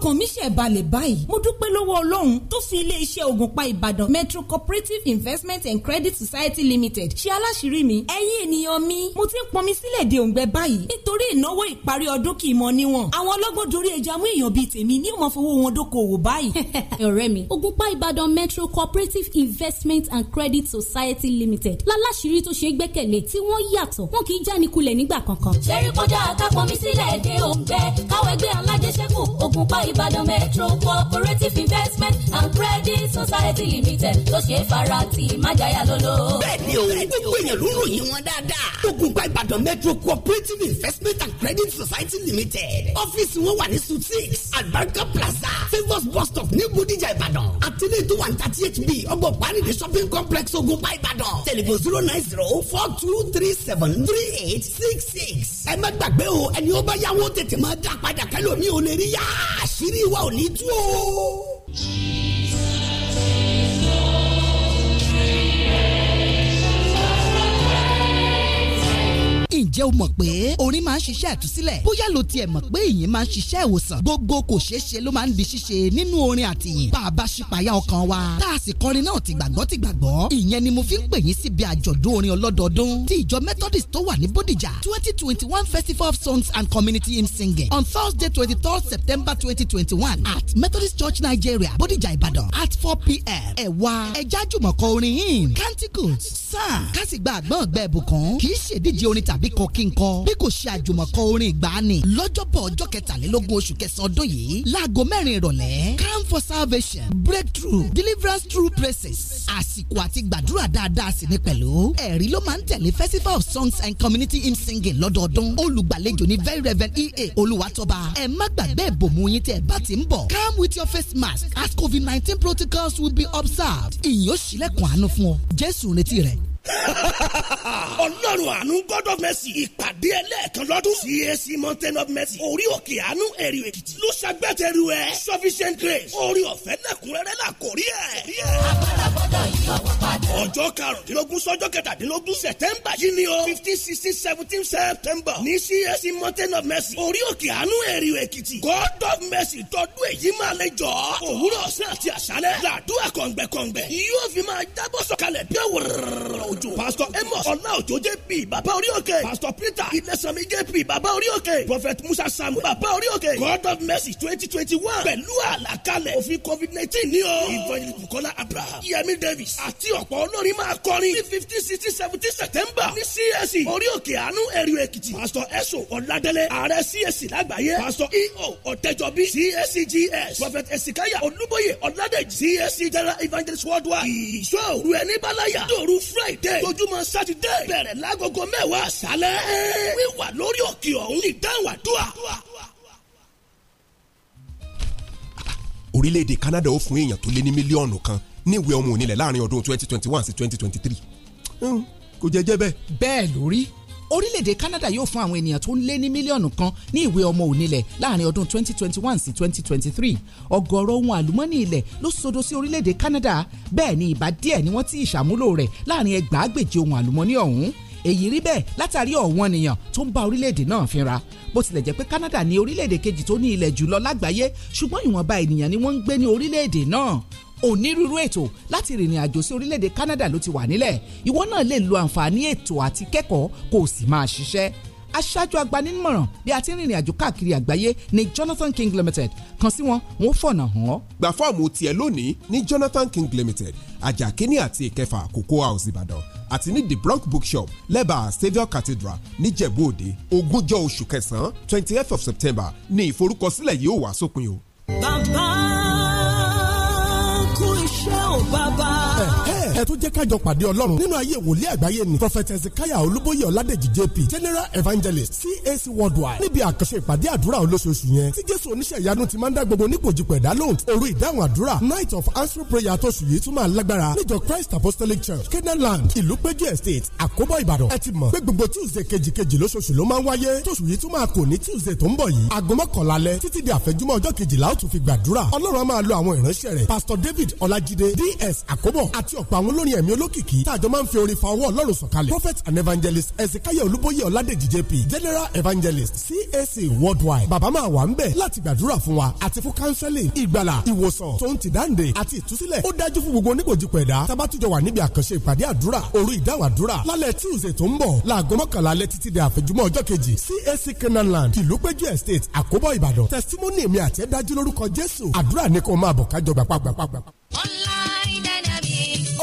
ọkàn mi ṣe balẹ̀ báyìí mo dúpẹ́ lọ́wọ́ ọlọ́run tó fi iléeṣẹ́ ògùnpa ìbàdàn metro cooperative investment and credit society limited ṣe aláṣírí mi ẹ̀yin ènìyàn mi mo ti ń pọnmi sílẹ̀ de òǹgbẹ báyìí nítorí ìnáwó ìparí ọdún kì í mọ níwọ̀n àwọn ọlọ́gbọ́n dorí ẹja mú èèyàn bíi tèmi ní ìmọ̀ fowó wọn dókòwò báyìí. ọ̀rẹ́ mi ògùnpa ìbàdàn metro cooperative investment and credit society limited láláṣírí tó ṣe gbẹ́kẹ̀lé tí wọ́n yàtọ̀ wọn kì í jánikulẹ̀ nígbà kankan. ṣe rí kọjá àkàpọ̀ mi sílẹ̀ de òǹgbẹ káwọ́ ẹgbẹ́ alájẹsẹ́kù ìbàdàn metro cooperative investment and credit society limited tó ṣe é fara ti májàyà lólo. bẹ́ẹ̀ni o gbogbo èèyàn ló ròyìn wọn dáadáa. ògùnbà ìbàdàn metro cooperative investment and credit society limited ọ́fíìsì wọn wà ní suite six albarka plaza favours bus stop ní bodijà ìbàdàn àtẹlẹ tó wà ní thirty eight b ọgbọ panidi shopping complex ògùnbà ìbàdàn tẹlifon zero nine zero four two three seven three eight six six. ẹ má gbàgbé o ẹni ó bá yáwó tètè máa dá padà kẹ́lò mi ò lè rí yáa àṣírí wa ò ní tú o. ǹjẹ́ o mọ̀ pé orin máa ń ṣiṣẹ́ àtúsílẹ̀ bóyá lo tiẹ̀ mọ̀ pé ìyìn máa ń ṣiṣẹ́ ìwòsàn gbogbo kò ṣeé ṣe ló máa ń di ṣíṣe nínú orin àtìyìn bá a bá ṣípayá ọkàn wa tá a sì kọrin náà ti gbàgbọ́ ti gbàgbọ́ ìyẹn ni mo fi ń pè yín síbi àjọ̀dún orin ọlọ́dọọdún ti ìjọ Methodist tó wà ní Bódìjà twenty twenty one festival of songs and community hymn singing on Thursday twenty third September twenty twenty one at Methodist Church Nigeria Bódìjà Ìbàdàn at four pm ẹ wá ẹjá jùmọ̀ kọ orin hymn canticles psalm kásìgbà àgbọ̀ngbẹ̀ ẹ̀bùkún kì í ṣèdíje orin tàbí kíkọ kí n kọ bí kò ṣe àjùmọ̀kọ orin ìgbàanì lọ́jọ́bọ̀ ọjọ́ kẹtàlélógún oṣù kẹsàn-án ọdún yìí láago mẹ́rin ìrọ̀lẹ́ calm for salvation breakthrough deliverance through praises àsìkò àti gbàdúrà dáadáa sì ni pẹ̀lú ẹ̀rí ló máa ń tẹ̀lé festival of songs and community hymn singing lọ́dọọdún olùgbàlejò ní very reverend ea olúwatọ́ba ẹ má gbàgbé ìbòmú yín tẹ́ ẹ bá ti ń bọ̀ come with your face mask as covid nineteen protocols will be observed ìyẹn ó ṣílẹ̀kùn àánú fún ọ jésù retí rẹ̀ ọlọ́run àánú god of mercy ìpàdé ẹlẹ́ẹ̀kan lọ́dún cac mountain of mercy orí òkè àánú ẹ̀rí èkìtì ló ṣàgbẹ́tẹ̀rù ẹ̀ sufficient grace orí ọ̀fẹ́ lẹ́kùnrẹ́rẹ́ là kò rí ẹ̀. àgbàlagbọ́dọ̀ yìí ọ̀wọ́ pàdé. ọjọ́ karùndínlógún sọ́jọ́ kẹtàdínlógún sẹ̀tẹ́mbà yìí ni o fifteen sixteen seventeen september ní cac mountain of mercy orí òkè àánú ẹ̀rí èkìtì god of mercy tọdún èyí máa lè jọ òwúrọ̀ ọ̀sán àti àṣálẹ́ làdúrà kọ̀ǹgbẹ̀kọ̀ǹgbẹ̀ yóò fi máa jábọ̀ sọ̀kalẹ̀ bí ọ̀wọ̀rọ̀ òjò pásítọ̀ amos ọláòjò jp bàbá orí òkè pásítọ̀ peter ilẹ̀sànmi jp bàbá orí òkè prophet musa samu bàbá orí òkè god of mercy twenty twenty one pẹ̀lú àlàkalẹ̀ òfin covid nineteen ní o evangelist bukola abraham yemi davis àti ọ̀pọ̀ olórin máa kọrin ní fifteen sixteen seventeen september ní csc e, orí òkè àánú ẹ̀rù èkìtì pásítọ̀ eso ọ̀làdẹ́lẹ̀ ààrẹ csc e lágbàáyé pásítọ̀ eo ọ̀tẹ́jọbí cscgs e prophet esikaya olúbóyè ọ̀làdẹ́jì csc general evangelist worldwide ìṣòro ẹni bá láyà dòru friday friday tójúmọ́ sátidé bẹ̀rẹ̀ lágogo mẹ́wàá àṣálẹ́ wíwà lórí òkè ọ̀hún ìdáhùn àdúrà orílẹ̀-èdè Canada ó fún èèyàn tó lé ní mílíọ̀nù kan níwèé ọmọ onílẹ̀ láàrin ọdún twenty twenty one sí twenty twenty three hmm, kò jẹ́ bẹ́ẹ̀. bẹ́ẹ̀ lórí orílẹ̀-èdè Canada yóò fún àwọn ènìyàn tó ń lé ní mílíọ̀nù kan ní ìwé ọmọ onílẹ̀ láàrin ọdún 2021 sí 2023 ọ̀gọ̀ọ̀rọ̀ ohun àlùmọ́nì ilẹ̀ ló sodo sí orílẹ̀-èdè Canada bẹ́ẹ̀ ni ìbá díẹ̀ ni wọ́n ti ìṣàmúlò rẹ̀ láàrin ẹgbàágbèje ohun àlùmọ́nì ọ̀hún èyí rí bẹ́ẹ̀ látàrí ọ̀wọ́n ènìyàn tó ń bá orílẹ̀-èdè náà fínra bó tilẹ̀ jẹ́ pé Canada ni orílẹ̀-èdè kejì tó ní ilẹ̀ jùlọ lágbàáyé ṣùgbọ́n ìwọ̀nba ènìyàn ni wọ́n ń gbé ní orílẹ̀-èdè náà onírúurú ètò láti rìnrìn àjò sí orílẹ̀-èdè Canada ló ti wà nílẹ̀ ìwọ náà lè lo àǹfààní ètò àti kẹ́kọ̀ọ́ kó o sì máa ṣiṣẹ́ aṣáájú agbanímọ̀ràn bí a ti ń rìnrìn àjò káàkiri àgbáyé ní Jonathan King Limited kan sí wọn wọn fọ̀nà hàn ọ́. gba fọ́ọ̀mù tiẹ̀ lónìí ní Jonathan King Limited ajakini àti ìkẹfà Cocoa House Ìbàdàn àti ní the Bronx Bookshop lẹ́bàá Saviour Cathedral níjẹ̀bú-òde ogúnjọ́ oṣù kẹsàn-án twenty eight of September ni ìforúkọsílẹ̀ yìí ó wà sópin o. bàbá show. o bàbá. ẹ tún jẹ́ kájọ pàdé ọlọ́run nínú ayé wòlíì àgbáyé ni prophet ezekiah olúbóyè ọládèjì jp general evangelist cac worldwide níbi àkànṣe ìpàdé àdúrà olóṣooṣù yẹn tí jésù oníṣẹ́ ìyanu ti máa ń dá gbogbo oníkòjì pẹ̀dá lóhùn òru ìdáhùn àdúrà night of answer prayer tóṣù yìí tún máa lágbára níjọ christ apostolic church canaan land ìlú péjú estate àkóbọ̀ ìbàdàn ẹ ti mọ̀ pé gbogbo tuesday kejìkejì lóṣooṣù ló máa ń wáyé tóṣù yìí tún máa kò ní tuesday tó ń bọ̀ yìí aago mọ́kànlá alẹ́ títí di àfẹ́júmọ́ ọjọ́ kejìlá ó tún fi gbàdúrà ọlọ́run á máa lo àwọn ìránṣẹ́ rẹ̀ pastor david ọlájídé ds àkóbọ̀ àti ọ̀pọ̀ àwọn olórin ẹ̀mí olókìkí tàjọ máa ń fi orin fa ọwọ́ ọlọ́run sọ̀kalẹ̀ prophet and evangelist ezekiel olúbóyè ọ̀ládèjì jp general evangelist cac worldwide bàbá máa wà ń bẹ̀ láti gbàdúrà fún wa àti fún counseling ìgbàlà ìwòsàn tó ń ti dáǹdè àti ìtúsílẹ̀ ó dájú fún gbogbo onígbòjì pẹ̀dá tabatijọ́ wà níbi àkànṣe ìpàdé àdúrà òru ìdáwàdúrà lálẹ́ tuesday tó ń bọ̀ láago mọ́kànlá estate àkóbọ̀ ìbàdàn testimony mi àti ẹ̀dájú lórúkọ jésù àdúrà ní kó máa bọ̀ kájọ Online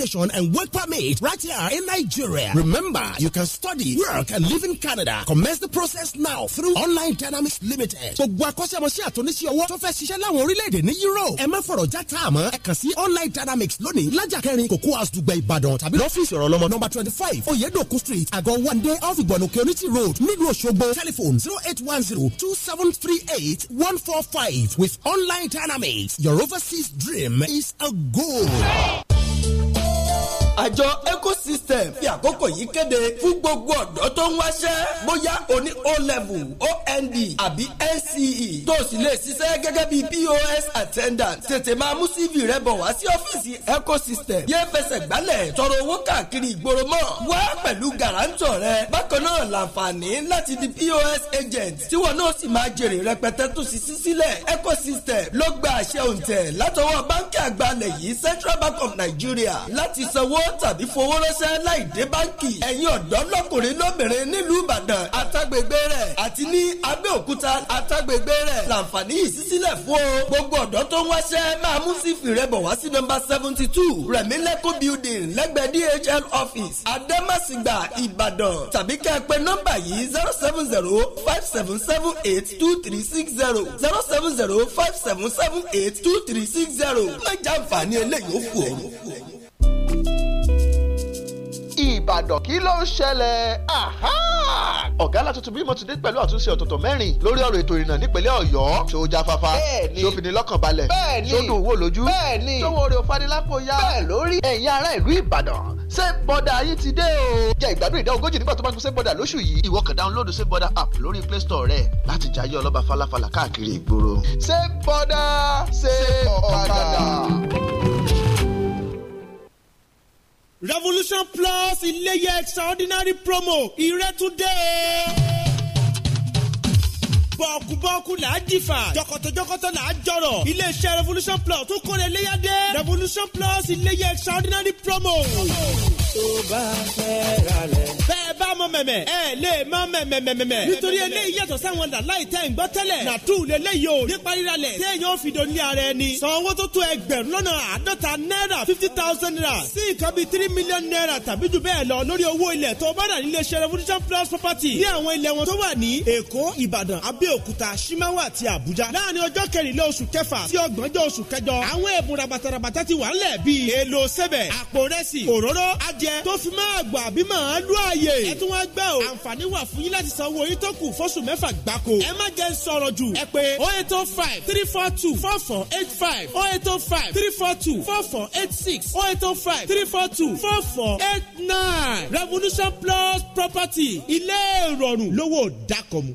accommodation, and work permit right here in Nigeria. Remember, you can study, work, and live in Canada. Commence the process now through Online Dynamics Limited. Gbogbo akọ́ṣẹ́mọṣẹ́ àtúnṣe ọwọ́ tó fẹ́ ṣiṣẹ́ láwọn orílẹ̀-èdè ní Europe. Ẹ má fọ̀rọ̀ já tá a mọ́. Ẹ kàn sí Online Dynamics lónìí. Lájà kẹrin Cocoa House Dùgbẹ̀ Ìbàdàn tàbí lọ́fíìsì ọ̀rọ̀ lọ́mọ nọ́mbà twenty five Oyedokun Street, Àgọ́ One Day off Ìgbọ̀nùkẹ́ Oníṣì Road, nílùú Òṣogbo. Telephone zero eight one zero two seven three eight one four five with Online Dynamics. Your overseas dream is a goal àjọ ecosystem fi àkókò yìí kéde fún gbogbo ọ̀dọ́ tó ń wáṣẹ́ bóyá o ní o level ond àbí nce tó o sì lè ṣiṣẹ́ gẹ́gẹ́ bí pos attendant tètè máa mú cv rẹ bọ̀ wá sí ọ́fíìsì ecosystem yé fẹsẹ̀ gbálẹ̀ tọrọ owó káàkiri ìgboro mọ́ wá pẹ̀lú gàrántọ̀ rẹ bákan náà làǹfààní láti di pos agent tí wọn náà sì máa jèrè rẹpẹtẹ tó sì sí sílẹ̀ ecosystem ló gba àṣẹ òǹtẹ̀ látọwọ́ báńkì àgbà yìí central bank of nigeria láti sanwó tàbí fowó ránṣẹ́ láì dé báńkì ẹ̀yin ọ̀dọ́ lọ́kùnrin lóbìnrin nílùú Ìbàdàn àtàgbègbè rẹ̀ àti ní Abẹ́òkúta àtàgbègbè rẹ̀ làǹfààní yìí sísílẹ̀ fún o gbogbo ọ̀dọ́ tó ń wáṣẹ́ máa mú sífì rẹ̀ bọ̀ wá sí nọ́mbà seventy two Rẹ̀mílẹ́kọ̀ building lẹ́gbẹ̀ẹ́ DHL office Adamasigba Ìbàdàn tàbí kẹ́ ẹ pè nọ́mbà yìí zero seven zero five seven seven eight two three six zero zero seven zero five seven seven eight two three six zero má jàǹfààní eléyìí ó fò ó ìbàdàn kí ló ń ṣẹlẹ̀ ọ̀gá alátuntun bímọ ti dé pẹ̀lú àtúnṣe ọ̀tọ̀tọ̀ mẹ́rin lórí ọ̀rọ̀ ètò ìrìnnà nípínlẹ̀ ọ̀yọ́ tó já fafa tó fi ní lọ́kàn balẹ̀ tó dùn wò lójú tó wo orí òfanilápò ya bẹ́ẹ̀ lórí ẹ̀yin ará ìlú ìbàdàn ṣé bọ́dà yín ti dé o. jẹ́ ìgbádùn ìdá ogójì nígbà tó bá ń ṣe bọ́dà lóṣù yìí. ìwọ kan dáńlódù ṣé bọ́dà app lórí play store rẹ láti jayé ọlọ́ba falafala káàkiri ìgboro. ṣé bọ́dà ṣé ọ̀kadà revolution plus iléyẹ extraordinary promo ìrẹ́túndé today, bọ́ọ̀kú là á jìfà jọkọ̀tọ̀-jọkọ̀tọ̀ là á jọ̀rọ̀ iléeṣẹ́ revolution plus tún kọ́ni eléyàdé revolution plus iléyẹ extraordinary promo. Oh tó bá fẹ́ ra lẹ̀. bẹ́ẹ̀ bá mọ mẹ̀mẹ̀ ẹ lè má mẹ̀mẹ̀mẹ̀mẹ̀. nítorí eléyìí yàtọ̀ sáwọn làláì tẹ́ ń gbọ́ tẹ́lẹ̀. nàtú lélẹ́yìí o nípa ríra lẹ̀. téèyàn ò fi do ní ara ẹni. san owó tó tó ẹgbẹ̀rún lọ́nà àádọ́ta náírà fifty thousand naira sí nǹkan bíi three million naira tàbí jù bẹ́ẹ̀ lọ lórí owó ilẹ̀ tó bá dà nílé ṣe revolution plus property. ní àwọn ilẹ̀ wọn tó wà ní èkó ìbàdàn abẹ́òkúta simawa àti àbújá. láàárín ọjọ́ kẹrìnlá oṣù kẹfà sí ọgbọ̀njọ́ oṣù kẹjọ àwọn ẹ̀bùn rabatarabata ti wà ńlẹ̀ bíi èlò sẹ́bẹ̀ àpò rẹ́sì òróró aj jẹ tó fi máa gbà bí máa lú àyè. ẹ tún wá gbẹ́ o àǹfààní wà fún yín láti san owó yín tó kù fóṣù mẹ́fà gbáko. ẹ má jẹ́ sọ̀rọ̀ jù ẹ pé oh eight oh five three four two four four eight five oh eight oh five three four two four four eight six oh eight oh five three four two four four eight nine revolution plus property ilé ìrọ̀rùn lówó dákọ̀mu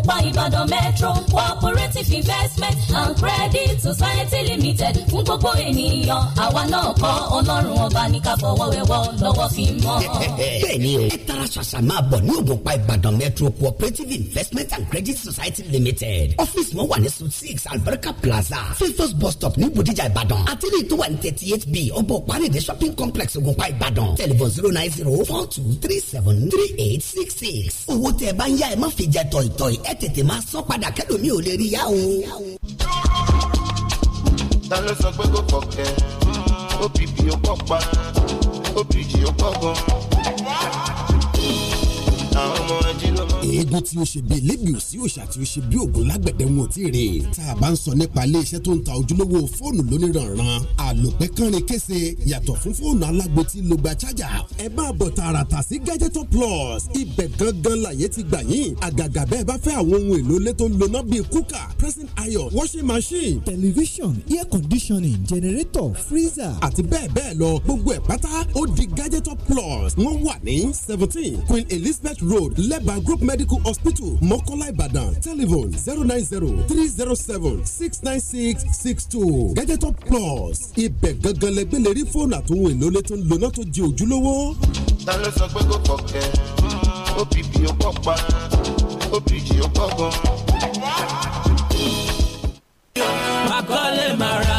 àkùpà ìbàdàn metro cooperative investment and credit society limited fún gbogbo ènìyàn àwa náà kọ́ ọlọ́run ọba ní ká fọwọ́ wẹwọ́ lọ́wọ́ fi mọ́. bẹ́ẹ̀ni o ẹ tara ṣaṣa máa bọ̀ ní ògùnpá ìbàdàn metro cooperative investment and credit society limited ọ́fíìsì wọn wà ní suite six alberca plaza fifth bus stop ní bòdìjà ìbàdàn àtẹlẹ tó wà ní thirty eight b ọbọ parade shopping complex ògùnpá ìbàdàn telephone zero nine zero four two three seven three eight six six owó tẹ́ ẹ bá ń yá ẹ má fi jẹ tọ̀ìtọ̀ì ẹ ẹ tètè máa san padà kẹ́lòmí ò lè rí yá o. ta ló sọ pé kò fọkẹ obp ó pọ̀ pa obg ó pọ̀ gan àwọn ọmọ ẹ eégún tí ó ṣe bíi lébì òsì òòṣà tí ó ṣe bíi ògùn lágbẹ̀dẹ̀ wọn ò tí ì rè tá a bá ń sọ nípa ilé iṣẹ́ tó ń ta ojúlówó fóònù lóníranran àlòpẹ́ kánrin kése yàtọ̀ fún fóònù alágbo tí ló gba chájà ẹ bá bọ̀ tààràtà sí gadgetor plus ibẹ̀ gangan làyè ti gbà yín àgàgà bẹ́ẹ̀ bá fẹ́ àwọn ohun èlò ilé tó ń lona bíi kúkà pressing iron washing machine television air conditioning generator freezer àti bẹ́ẹ̀ bẹ́ẹ̀ lọ gbogbo ẹ̀ pátá ó di gadgetor plus wọ́n wà ní seventeen queen elizabeth road lẹ́bàá group med medical hospital mọ́kọ́lá ìbàdàn telephone zero nine zero three zero seven six nine six six two gadgetop plus ibẹ̀ gangan lẹgbẹ́ lè rí fóònù àtòhun èlò lẹ́tọ́ ń lọ́nà tó jẹ òjúlówó. ta ló sọ pé kò kọ̀kẹ́ òbíbi ó kọ́ pa òbíjì ó kọ́ gan. máa kọ́lé màrà.